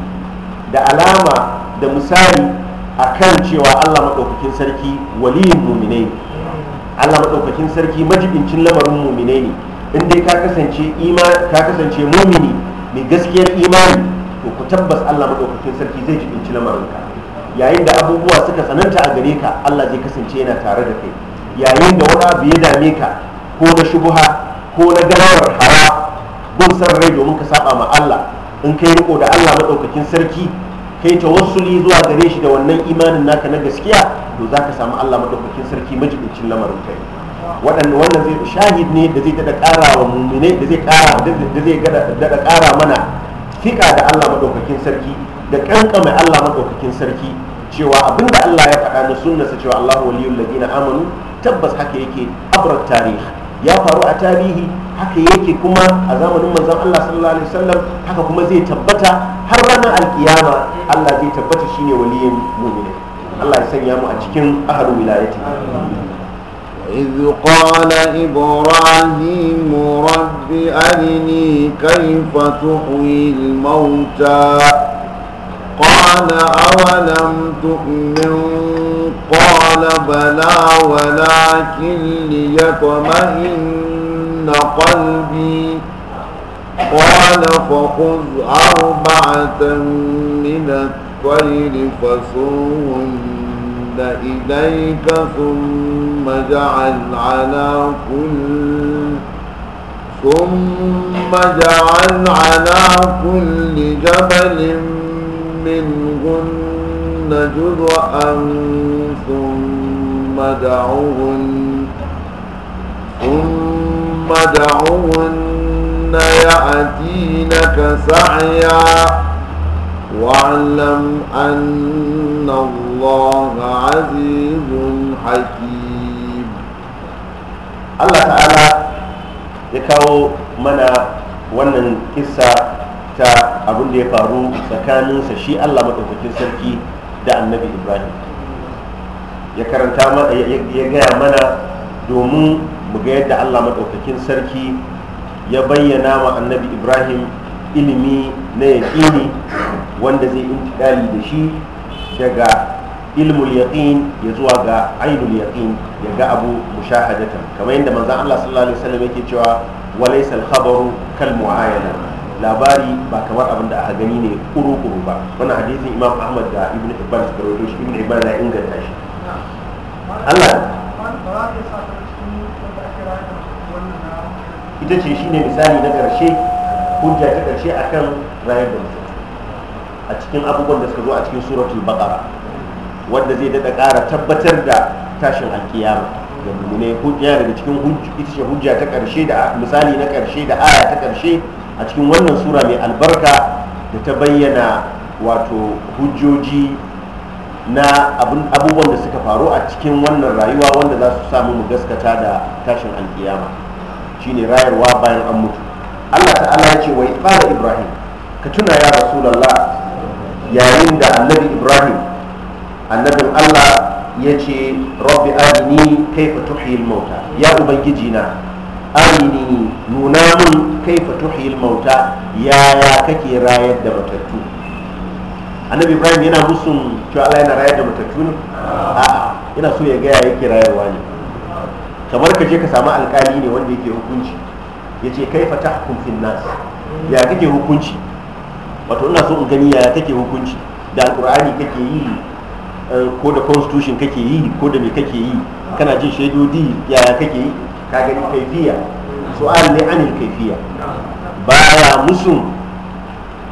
da alama da misali a kan cewa Allah maɗaukakin sarki waliyin muminai Allah maɗaukakin sarki majibincin lamarin muminai ne in ka kasance mumini mai gaskiyar imani tabbas Allah maɗaukakin sarki zai jibinci lamarinka yayin da abubuwa suka sananta a gare ka Allah zai kasance yana tare da kai yayin da wani abu ya dame ka ko na shubuha ko na galawar hara san rai domin ka saba ma Allah in kai riko da Allah maɗaukakin sarki kai tawassuli zuwa gare shi da wannan imanin naka na gaskiya to zaka samu Allah maɗaukakin sarki majibincin lamarin kai waɗanda wannan zai shahid ne da zai daɗa ƙara wa mummune da zai ƙara mana da دا الله sarki da دا mai Allah مدوكاكين sarki cewa abin da Allah ya faɗa na sunnarsa cewa Allah waliyul lagina amanu tabbas haka yake abrar tarihi ya faru a tarihi haka yake kuma a zamanin manzon Allah sallallahu alaihi wasallam haka kuma zai tabbata har ranar alkiyama Allah zai tabbata shine waliyin mu'mini Allah ya sanya mu a cikin ahar wilayati إذ قال إبراهيم رب أرني كيف تحوي الموتى قال أولم تؤمن قال بلى ولكن ليطمئن قلبي قال فخذ أربعة من الطير فصوهن إليك ثم جعل على كل ثم جعل على كل جبل منهن جزءا ثم دعوهن ثم دعوهن يأتينك سعيا واعلم أن الله الله عزيز حكيم الله تعالى يكاو منا wannan kissa ta abin da ya faru tsakaninsa shi Allah maɗaukakin sarki da annabi Ibrahim ya karanta mana ya gaya mana domin mu ga yadda Allah maɗaukakin sarki ya bayyana wa annabi Ibrahim ilimi na yaƙini wanda zai intiƙali da shi daga ilmul yaqin ya zuwa ga ainul yaqin ya ga abu mushahadatan kamar yadda manzon Allah sallallahu alaihi wasallam yake cewa walaysa al-khabaru kal muayana labari ba kamar abin da aka gani ne kuru-kuru ba wannan hadisin imam ahmad da ibn ibban suka rawaito shi ibn ibban ya inganta shi allah ita ce shine misali na karshe hujja ta karshe akan rayar a cikin abubuwan da suka zo a cikin suratul baqara wanda zai daɗa ƙara tabbatar da tashin alkiyama da mummune hujja daga cikin ita hujja ta ƙarshe da misali na ƙarshe da aya ta ƙarshe a cikin wannan sura mai albarka da ta bayyana wato hujjoji na abubuwan da suka faru a cikin wannan rayuwa wanda za su samu mu gaskata da tashin alkiyama shine rayarwa bayan an mutu allah ta'ala ya ce wa ibrahim ka tuna ya rasulallah yayin da annabi ibrahim annabin Allah ya ce rabbi arini fa tuhyi mauta ya ubangiji na arini nuna mun fa tuhyi mauta yaya kake rayar da matattu annabi ibrahim yana musu cewa Allah yana rayar da matattu ne a'a yana so ya gaya yake rayarwa ne kamar ka je ka samu alkali ne wanda yake hukunci ya ce fa tahkum fin nas ya kake hukunci wato ina so in gani yaya kake hukunci da alkur'ani kake yi ko da constitution kake yi ko da me kake yi kana jin shaidodi yaya kake yi ka gani kaifiya su'al ne anil kaifiya baya musu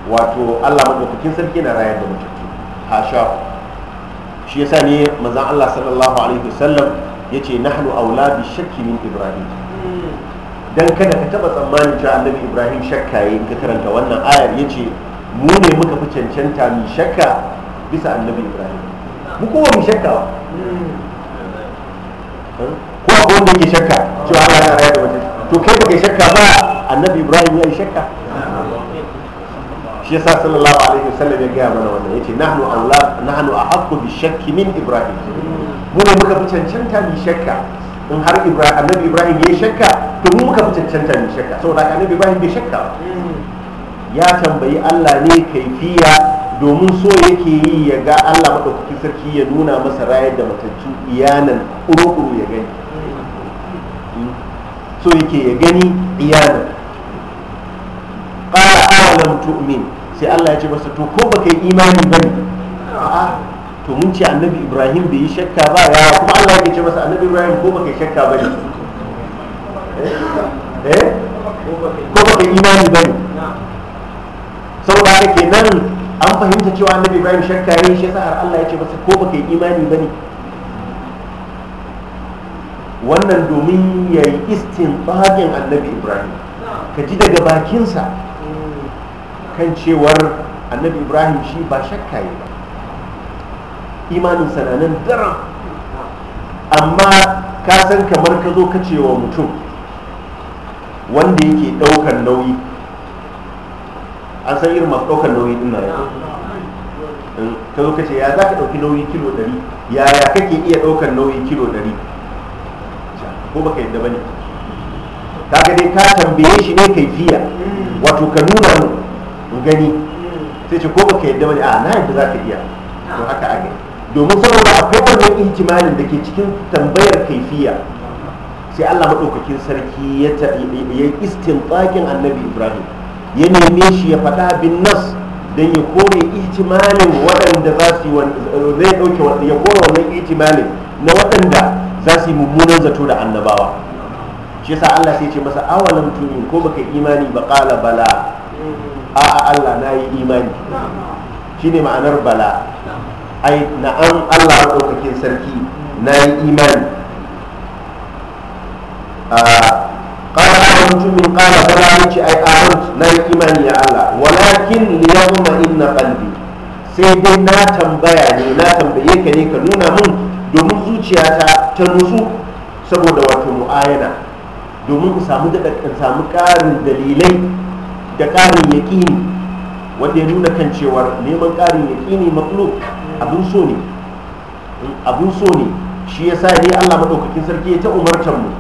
wato Allah madaukakin sarki na rayar da mutum hasha shi yasa ne manzon Allah sallallahu alaihi wasallam yace nahnu aula bi shakki min ibrahim dan kada ka taba tsammanin cewa annabi ibrahim shakkaye in ka karanta wannan ayar yace mu ne muka fi cancanta mu shakka bisa annabi ibrahim mu kuma mu shakka ba hmm. ko a wanda yake shakka cewa Allah ya raya da wata to kai ba kai shakka ba annabi Ibrahim ya yi shakka shi yasa sallallahu alaihi wasallam ya gaya mana wannan yace nahnu Allah nahnu ahaqqu bi shakki min Ibrahim mu ne muka fi cancanta mu shakka in har Ibrahim annabi Ibrahim ya shakka to mu muka fi cancanta mu shakka saboda annabi Ibrahim bai shakka ya tambayi Allah ne kaifiya domin so yake yi ya ga allah maɗaukaki sarki ya nuna masa rayar da matattu iyanan ƙuruƙuru ya gani hmm? so yake ya gani iyanan ƙara awalan tu'min sai allah ya ce masa to ko baka yi imani ba ne to mun ce annabi ibrahim bai yi shakka ba ya kuma allah ya ce masa annabi ibrahim ko baka yi shakka ba ne eh? Eh? ko baka yi imani ba ne saboda ake nan an fahimta cewa annabi ibrahim shakka yayi shi sa'ar Allah ya ce masa ko baka yi imani ne, wannan domin ya yi istin istinbagin annabi ibrahim ka ji daga bakinsa kan cewar annabi ibrahim shi ba shakka yi ba imanin sananin daren amma ka san kamar ka zo ka cewa mutum wanda yake ɗaukar nauyi an san irin masu ɗaukar nauyi din nan ka zo kace ya za ka ɗauki nauyi kilo ɗari yaya kake iya ɗaukar nauyi kilo ɗari ko baka yadda ba ne ga dai ka tambaye shi ne kai fiya wato ka nuna mu gani sai ce ko baka yadda ba ne a na yadda za ka iya to haka a gani domin saboda akwai wannan ihtimalin da ke cikin tambayar kaifiya sai Allah maɗaukakin sarki ya istinfaqin annabi Ibrahim ya neme shi ya faɗa bin nas don ya kore itimalin waɗanda za su zai ɗauke ya kore wannan itimalin na waɗanda za su yi mummunan zato da annabawa shi yasa Allah sai ce masa awalam tu'min ko baka imani ba qala bala a Allah na yi imani shine ma'anar bala ai na'am Allah ɗaukakin sarki na yi imani ah, قال آمنت من قال فلامنت أي آمنت لا إيمان يا الله ولكن ليطمئن قلبي سيدي نا تنبيا ني نا تنبيك ka كنونا من domin zuciyata ta nutsu saboda mu'ayana domin in samu ƙarin dalilai da ƙarin wanda nuna kan cewar neman ƙarin abin so ne abin so ne shi yasa ne Allah maɗaukakin sarki ya ta umartar mu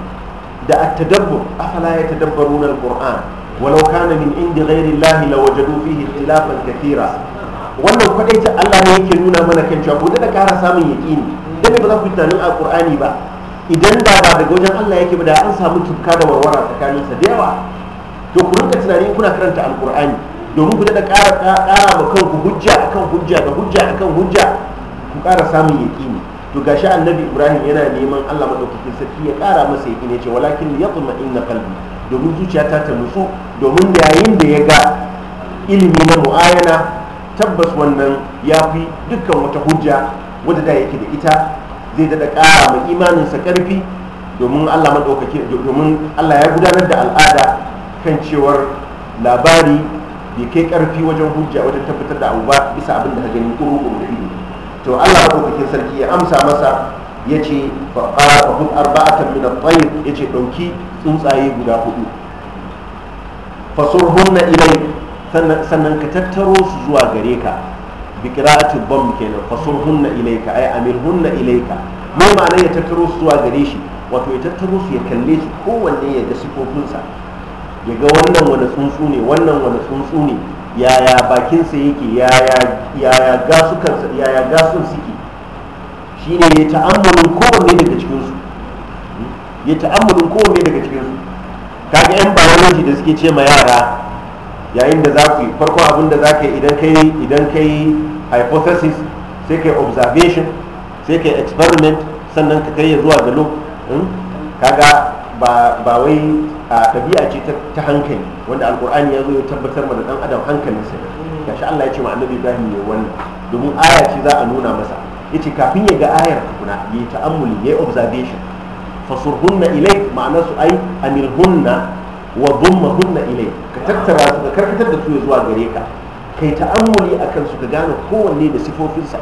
da at-tadabbur afala yatadabbaruna al-qur'an walau kana min indi ghairi Allah lawajadu fihi ikhtilafan kathira wannan kwadai ta Allah ne yake nuna mana kan cewa ko da kara samun yaqini dan ba za ku tunanin al-qur'ani ba idan da ba daga wajen Allah yake ba da an samu tufka da warwara tsakanin sa da yawa to ku rinka tunani kuna karanta al-qur'ani domin ku da ƙara ƙara ma kanku hujja akan hujja da hujja akan hujja ku ƙara samun yaqini to gashi annabi ibrahim yana neman allah maɗaukakin sarki ya ƙara masa yaƙi ne ce walakin ya kuma inna kalbi domin zuciya ta nutsu domin yayin da ya ga ilimi na mu'ayana tabbas wannan ya fi dukkan wata hujja wadda da yake da ita zai dada ƙara ma imaninsa karfi domin allah domin allah ya gudanar da al'ada kan cewar labari bai kai karfi wajen hujja wajen tabbatar da abu ba bisa abin da ka gani ƙuru ƙuru to Allah madaukakin sarki ya amsa masa ya ce fahim arba'atan min at-tayr ya ce ɗauki tsuntsaye guda hudu fasurhunna ilai sannan ka tattaro su zuwa gare ka bi qira'ati bam kenan fasurhunna ilayka ay amilhunna ilayka mai ma'ana ya tattaro su zuwa gare shi wato ya tattaro su ya kalle su kowanne ya ga sifofinsa ya ga wannan wani tsuntsu ne wannan wani tsuntsu ne yaya bakinsa yake yaya gasukansa yaya gasun suke ne ya ta'ammalin kowanne daga cikinsu ya ta'ammalin kowanne daga cikinsu kaga yan biology da suke ce ma yara yayin da za ku yi farko abin da za ka yi idan ka yi hypothesis sai ka yi observation sai ka yi experiment sannan ka kai zuwa ga look hmm? kaga ba wai a ɗabi'a ce ta hankali wanda alkur'ani ya zo ya tabbatar mana dan adam hankalinsa Ya shi Allah ya ce ma annabi Ibrahim ne wannan domin aya ce za a nuna masa yace kafin ya ga ayar kuna yi ta'ammuli yayi observation Fasur-hunna ilai ma'ana su ai amirhunna wa hunna ilai ka tattara su ka karkatar da su zuwa gare ka kai ta'ammuli akan su ka gane kowanne da sifofinsa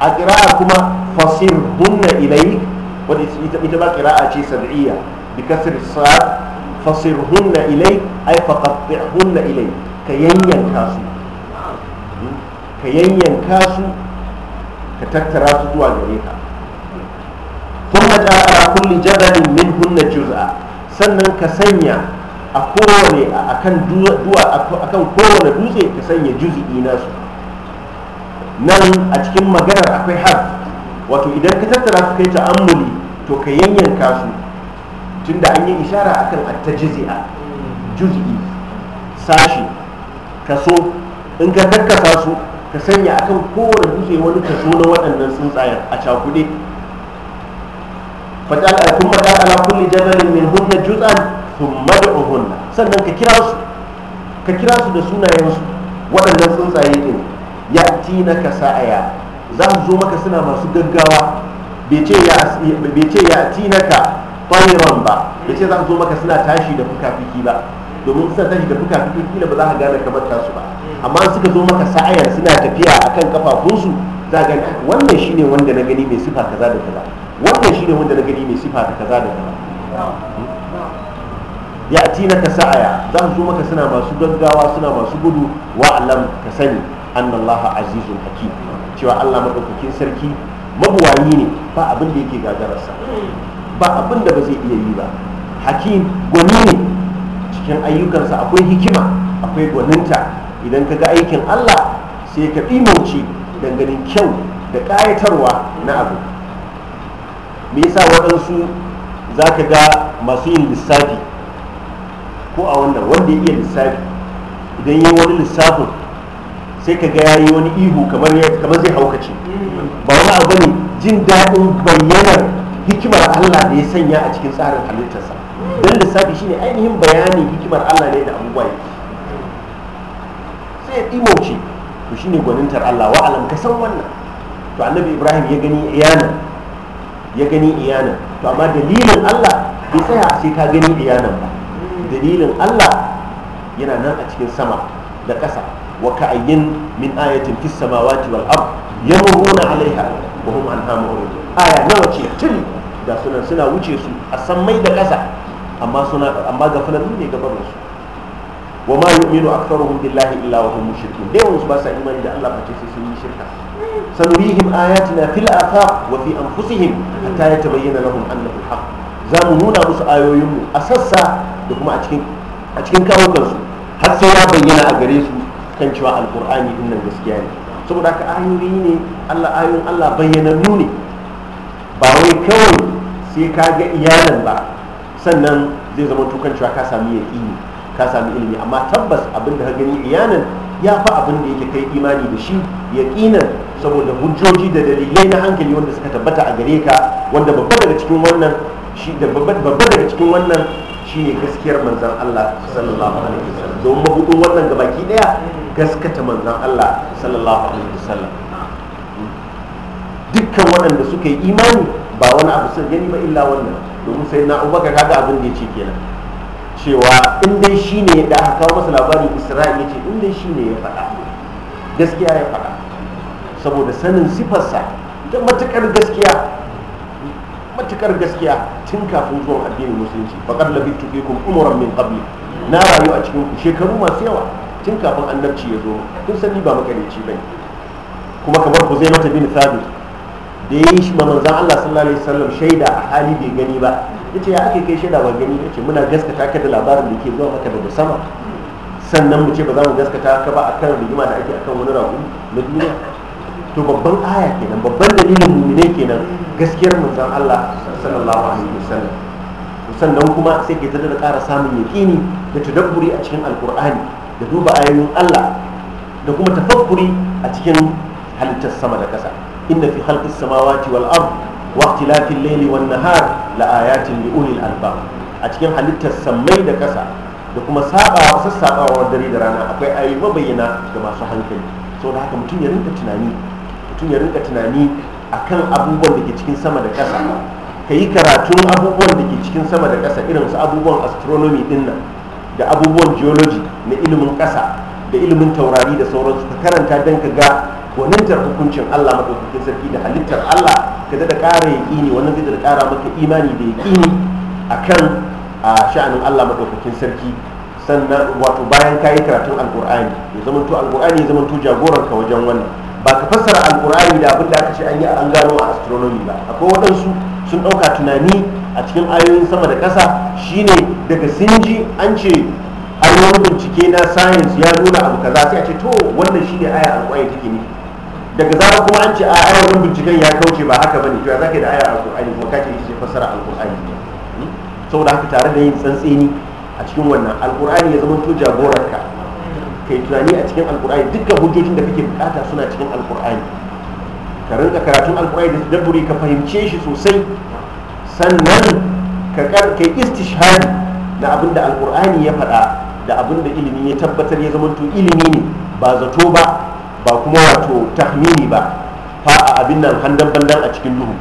a kira'a kuma fasirhunna ilai wadda ita ba kira'a ce sab'iyya bi kasr فصرهن ilai أي فقطعهن ilai ka كاسو ka كتكترات su ka tattara su zuwa gare ka kuma sannan ka sanya a kowane akan duwa akan kowane dutse ka sanya juz'i na su nan a cikin maganar akwai harf wato idan ka tattara su kai ta'ammuli to ka yanyanka su da an yi ishara akan attajizi'a juz'i sashi kaso in ka karkasa su ka sanya akan kowane dutse wani kaso na waɗannan tsuntsayen a cakuɗe fadal alkum fadal ala kulli jabalin min hunna juz'an thumma hunna sannan ka kira su ka kira su da sunayen su waɗannan tsuntsaye din ya na ka sa'aya za su zo maka suna masu gaggawa bai ce ya na ka tsayiran ba ya ce zan zo maka suna tashi da fuka-fiki ba domin suna tashi da fuka-fiki kila ba za ka gane kamar tasu ba amma suka zo maka sa'ayar suna tafiya akan kafafunsu za gani wannan shine wanda na gani mai sifa kaza da kaza wannan shine wanda na gani mai sifa da kaza da kaza hmm? ya ati na ka sa'aya za su zo maka suna masu gaggawa suna masu gudu wa alam ka sani annallaha azizun hakim cewa Allah madaukakin sarki mabuwayi ne ba abin da yake gagararsa ba abin da ba zai iya yi ba hakim gwani ne cikin ayyukansa akwai hikima akwai gwaninta idan ka ga aikin allah sai ka ɗimauce ganin kyau da ƙayatarwa na abu me yasa waɗansu za ka ga masu yin lissafi ko a wannan wanda ya iya lissafi idan yi wani lissafin sai ka ga ya wani ihu kamar zai haukace ba wani abu ne jin daɗin bayyanar hikimar Allah da ya sanya a cikin tsarin halittarsa don lissafi shine ainihin bayani hikimar Allah ne da abubuwa yake sai ya ɗimauce to shine gwanintar Allah wa'alam ka san wannan to annabi ibrahim ya gani iyanan ya gani iyanan to amma dalilin Allah bai tsaya sai ka gani iyanan ba dalilin Allah yana nan a cikin sama da ƙasa wa ka'ayyin min ayatin fis samawati wal ard yamuruna alaiha wa hum anha mu'ridun aya nawa ce tuni ga sunan suna wuce su a san mai da ƙasa amma suna amma gafalallu ne gaban su wa ma yu'minu aktharuhum billahi illa wa hum mushrikun da yawan su ba sa imani da Allah face sai sun yi shirka sanurihim ayatina fil afaq wa fi anfusihim hatta yatabayyana lahum annahu alhaq za mu nuna musu ayoyin mu a sassa da kuma a cikin a cikin har sai ya bayyana a gare su kan cewa alqur'ani din nan gaskiya ne saboda haka ayoyi ne Allah ayoyin Allah bayyanannu ne ba wai kawai sai ka ga iyalin ba sannan zai zama tukan cewa ka sami yaƙini ka sami ilimi amma tabbas abin da ka gani iyalin ya fi abin da yake kai imani da shi yaƙinan saboda hujjoji da dalilai na hankali wanda suka tabbata a gare ka wanda babba daga cikin wannan shi da babba daga cikin wannan shine gaskiyar manzon Allah sallallahu alaihi wasallam don mabudin wannan gabaki daya gaskata manzon Allah sallallahu alaihi wasallam dukkan waɗanda suka yi imani ba wani abu sun gani ba illa wannan domin sai na ka kaga abin da ya ce kenan cewa in dai shi ne da aka kawo masa labarin isra'il ya ce in dai shi ne ya faɗa gaskiya ya faɗa saboda sanin sifarsa da matukar gaskiya matuƙar gaskiya tun kafin zuwan addinin musulunci faƙar labi tuƙiƙun umuran min ƙabli na rayu a cikin shekaru masu yawa tun kafin annabci ya zo tun sani ba ba ne. kuma kamar ku zai mata bin thabit da ya yi shi manzan Allah sallallahu alaihi wasallam shaida a hali bai gani ba yace ya ake kai shaida ba gani yace muna gaskata ka da labarin da ke zuwa maka daga sama sannan mu ce ba za mu gaskata ka ba akan rigima da ake akan wani raƙu na duniya to babban aya kenan babban dalilin mumine kenan gaskiyar manzan Allah sallallahu alaihi wasallam sannan kuma sai ke tada da ƙara samun yaƙini da tadabburi a cikin alkur'ani da duba ayoyin Allah da kuma tafakkuri a cikin halittar sama da ƙasa inna fi khalqis samawati wal ard wa ikhtilafil layli a cikin halittar sammai da ƙasa da kuma saba sassabawa dare da rana akwai ayoyi bayyana ga masu hankali saboda haka mutum ya rinka tunani mutum ya rinka tunani akan abubuwan da ke cikin sama da kasa ka yi karatun abubuwan da ke cikin sama da ƙasa irin su abubuwan astronomy din da abubuwan geology na ilimin ƙasa da ilimin taurari da sauransu ka karanta dan ka ga gwanintar hukuncin Allah maɗaukakin sarki da halittar Allah ka da ƙara yaƙini wannan zai da ƙara maka imani da yaƙini a kan sha'anin Allah maɗaukakin sarki sannan wato bayan ka yi karatun alƙur'ani ya zama to alƙur'ani ya zama to jagoranka wajen wannan ba ka fassara alƙur'ani da abin da aka ce an yi an gano a astronomi ba akwai waɗansu sun ɗauka tunani a cikin ayoyin sama da ƙasa shine daga sinji an ce a yi bincike na science ya nuna abu kaza sai a ce to wannan shine aya alƙur'ani take nufi daga zarar kuma an ce a ayarin binciken ya kauce ba haka bane to ya zaka da ayar alqur'ani kuma kace ita ce fasara alqur'ani hmm? saboda haka tare da yin tsantseni a cikin wannan alkur'ani ya zama to ka kai tunani a cikin alqur'ani dukkan hujjojin da kake bukata suna cikin alkur'ani ka rinka karatun alqur'ani da dabburi ka fahimce shi sosai sannan ka kai istishhad na abin da alqur'ani ya faɗa da abinda da ilimi ya tabbatar ya zama to ilimi ne ba zato ba ba kuma wato tahmini ba fa a abin nan handan bandan a cikin duhu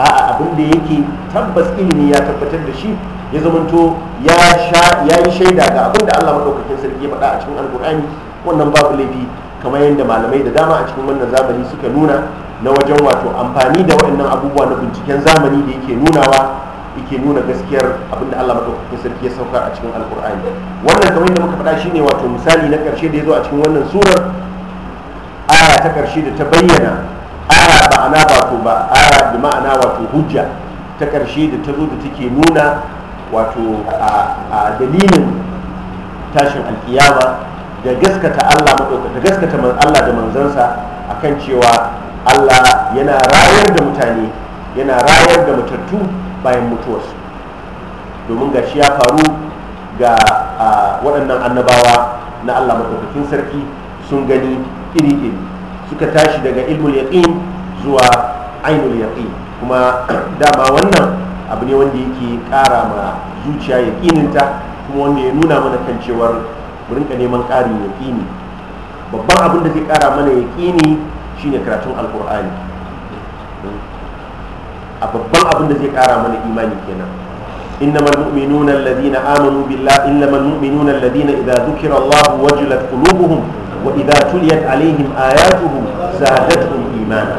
a'a abin da yake tabbas ilimi ya tabbatar da shi ya zamanto ya sha ya yi shaida ga abin da Allah madaukakin sarki ya faɗa a cikin alkur'ani wannan babu laifi kamar yadda malamai da dama a cikin wannan zamani suka nuna na wajen wato amfani da waɗannan abubuwa na binciken zamani da yake nunawa yake nuna gaskiyar abin da Allah madaukakin sarki ya sauka a cikin alkur'ani wannan kamar yadda muka faɗa shine wato misali na ƙarshe da ya zo a cikin wannan surar aya ta ƙarshe da ta bayyana aya ma'ana wato ba aya da ma'ana wato hujja ta ƙarshe da ta zo da take nuna wato a dalilin tashin alkiyama da gaskata Allah da gaskata Allah da manzansa akan cewa Allah yana rayar da mutane yana rayar da matattu bayan mutuwarsu domin ga shi ya faru ga waɗannan annabawa na Allah maɗaukakin sarki sun gani iri-iri suka tashi daga ilmul yaqin zuwa ainul yaqin kuma dama wannan abu ne wanda yake kara ma zuciya yaqininta kuma wanda ya nuna mana kan cewar mu rinka neman ƙarin yaqini babban abin da zai kara mana yaqini shine karatun alqur'ani a babban abin da zai kara mana imani kenan إنما المؤمنون الذين آمنوا بالله إنما المؤمنون الذين إذا ذكر الله وجلت قلوبهم wa idza tuliyat alaihim ayatuhu zadatuhum imana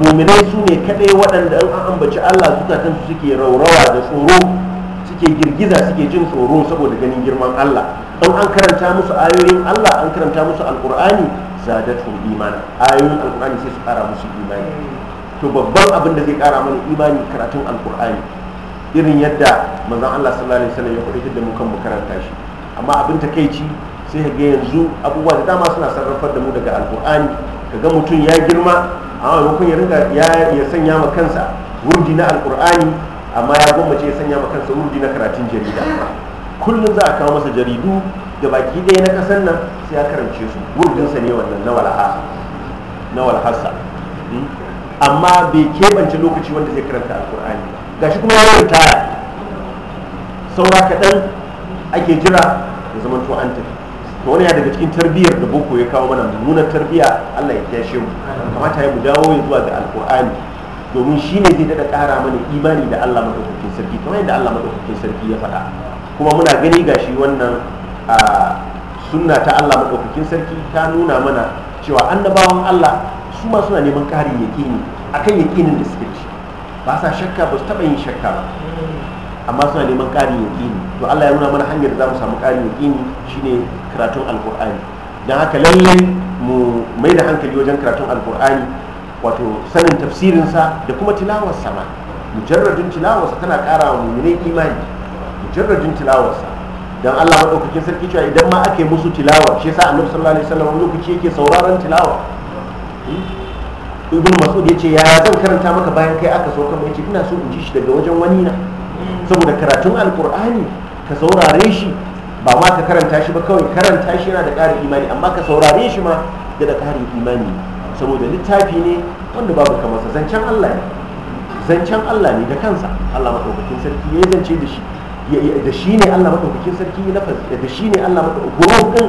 muminai su ne kadai in an ambaci Allah zukatan suke raurawa da tsoro suke girgiza suke jin tsoro saboda ganin girman Allah don an karanta musu ayoyin Allah an karanta musu alkur'ani zadatu imana ayoyin alkur'ani sai su kara musu imani to babban abin da zai kara mana imani karatun alkur'ani irin yadda manzon Allah sallallahu alaihi wasallam ya kwadaitar da mu kan mu karanta shi amma abin takeici sai ka ga yanzu abubuwa da dama suna sarrafar da mu daga alkur'ani ka ga mutum ya girma amma maimakon ya rinka ya sanya ma kansa wurdi na alkur'ani amma ya gwammace ya sanya ma kansa wurdi na karatun jarida kullum za a kawo masa jaridu da baki ɗaya na ƙasar nan sai ya karance su wurdinsa ne wannan na walha walhassa hmm? amma bai keɓance lokaci wanda zai karanta alkur'ani ga shi kuma ya ritaya saura kaɗan ake jira da zamanto to an tafi to wani ya daga cikin tarbiyyar da boko ya kawo mana mummunar tarbiyya Allah ya kyashe mu kamata ya mu dawo ya zuwa ga alkur'ani domin shi ne zai daɗa ƙara mana imani da Allah maɗaukakin sarki kamar yadda Allah maɗaukakin sarki ya faɗa kuma muna gani gashi wannan sunna ta Allah maɗaukakin sarki ta nuna mana cewa annabawan Allah su ma suna neman ƙarin yaƙini akan yaƙinin da suke ci ba sa shakka ba su taɓa yin shakka ba amma suna neman ƙarin yaƙini to Allah ya nuna mana hanyar da za mu samu ƙarin yaƙini shine karatun alƙur'ani don haka lalle mu mai da hankali wajen karatun alƙur'ani wato sanin tafsirinsa da kuma tilawarsa ma mujarradin tilawarsa tana ƙara wa mummune imani mujarradin tilawarsa don Allah maɗaukakin sarki cewa idan ma aka yi musu tilawa shi yasa annabi sallallahu alaihi wasallam lokaci yake sauraron tilawa ibn mas'ud yace ya zan karanta maka bayan kai aka so kan yace ina so in ji shi daga wajen wani na saboda karatun alkur'ani ka saurare shi ba ma ka karanta shi ba kawai karanta shi yana da ƙarin imani amma ka saurare shi ma da da ƙarin imani saboda littafi ne wanda babu kamarsa zancen allah ne zancen allah ne da kansa allah madaukakin sarki ya zance da shi da shi ne allah madaukakin sarki ya lafazi da shi ne allah maɗaukakin din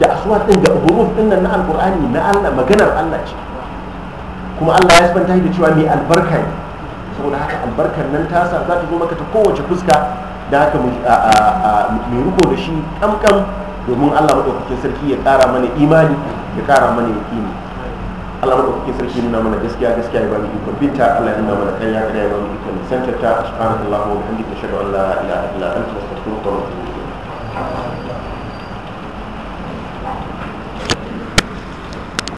da aswat ɗin da huruf din nan na alƙur'ani na allah maganar allah ce kuma allah ya sabanta da cewa mai albarka ne saboda haka albarkar nan tasa za ta zo maka ta kowace fuska da haka mai riko da shi kamkam domin allah maɗaukakin sarki ya ƙara mana imani ya ƙara mana yaƙini allah maɗaukakin sarki nuna mana gaskiya gaskiya ya bani ikon binta allah ya nuna mana ƙarya ƙarya ya bani ikon nisantar ta subhanallahi wa bihamdika ashhadu an la ilaha illa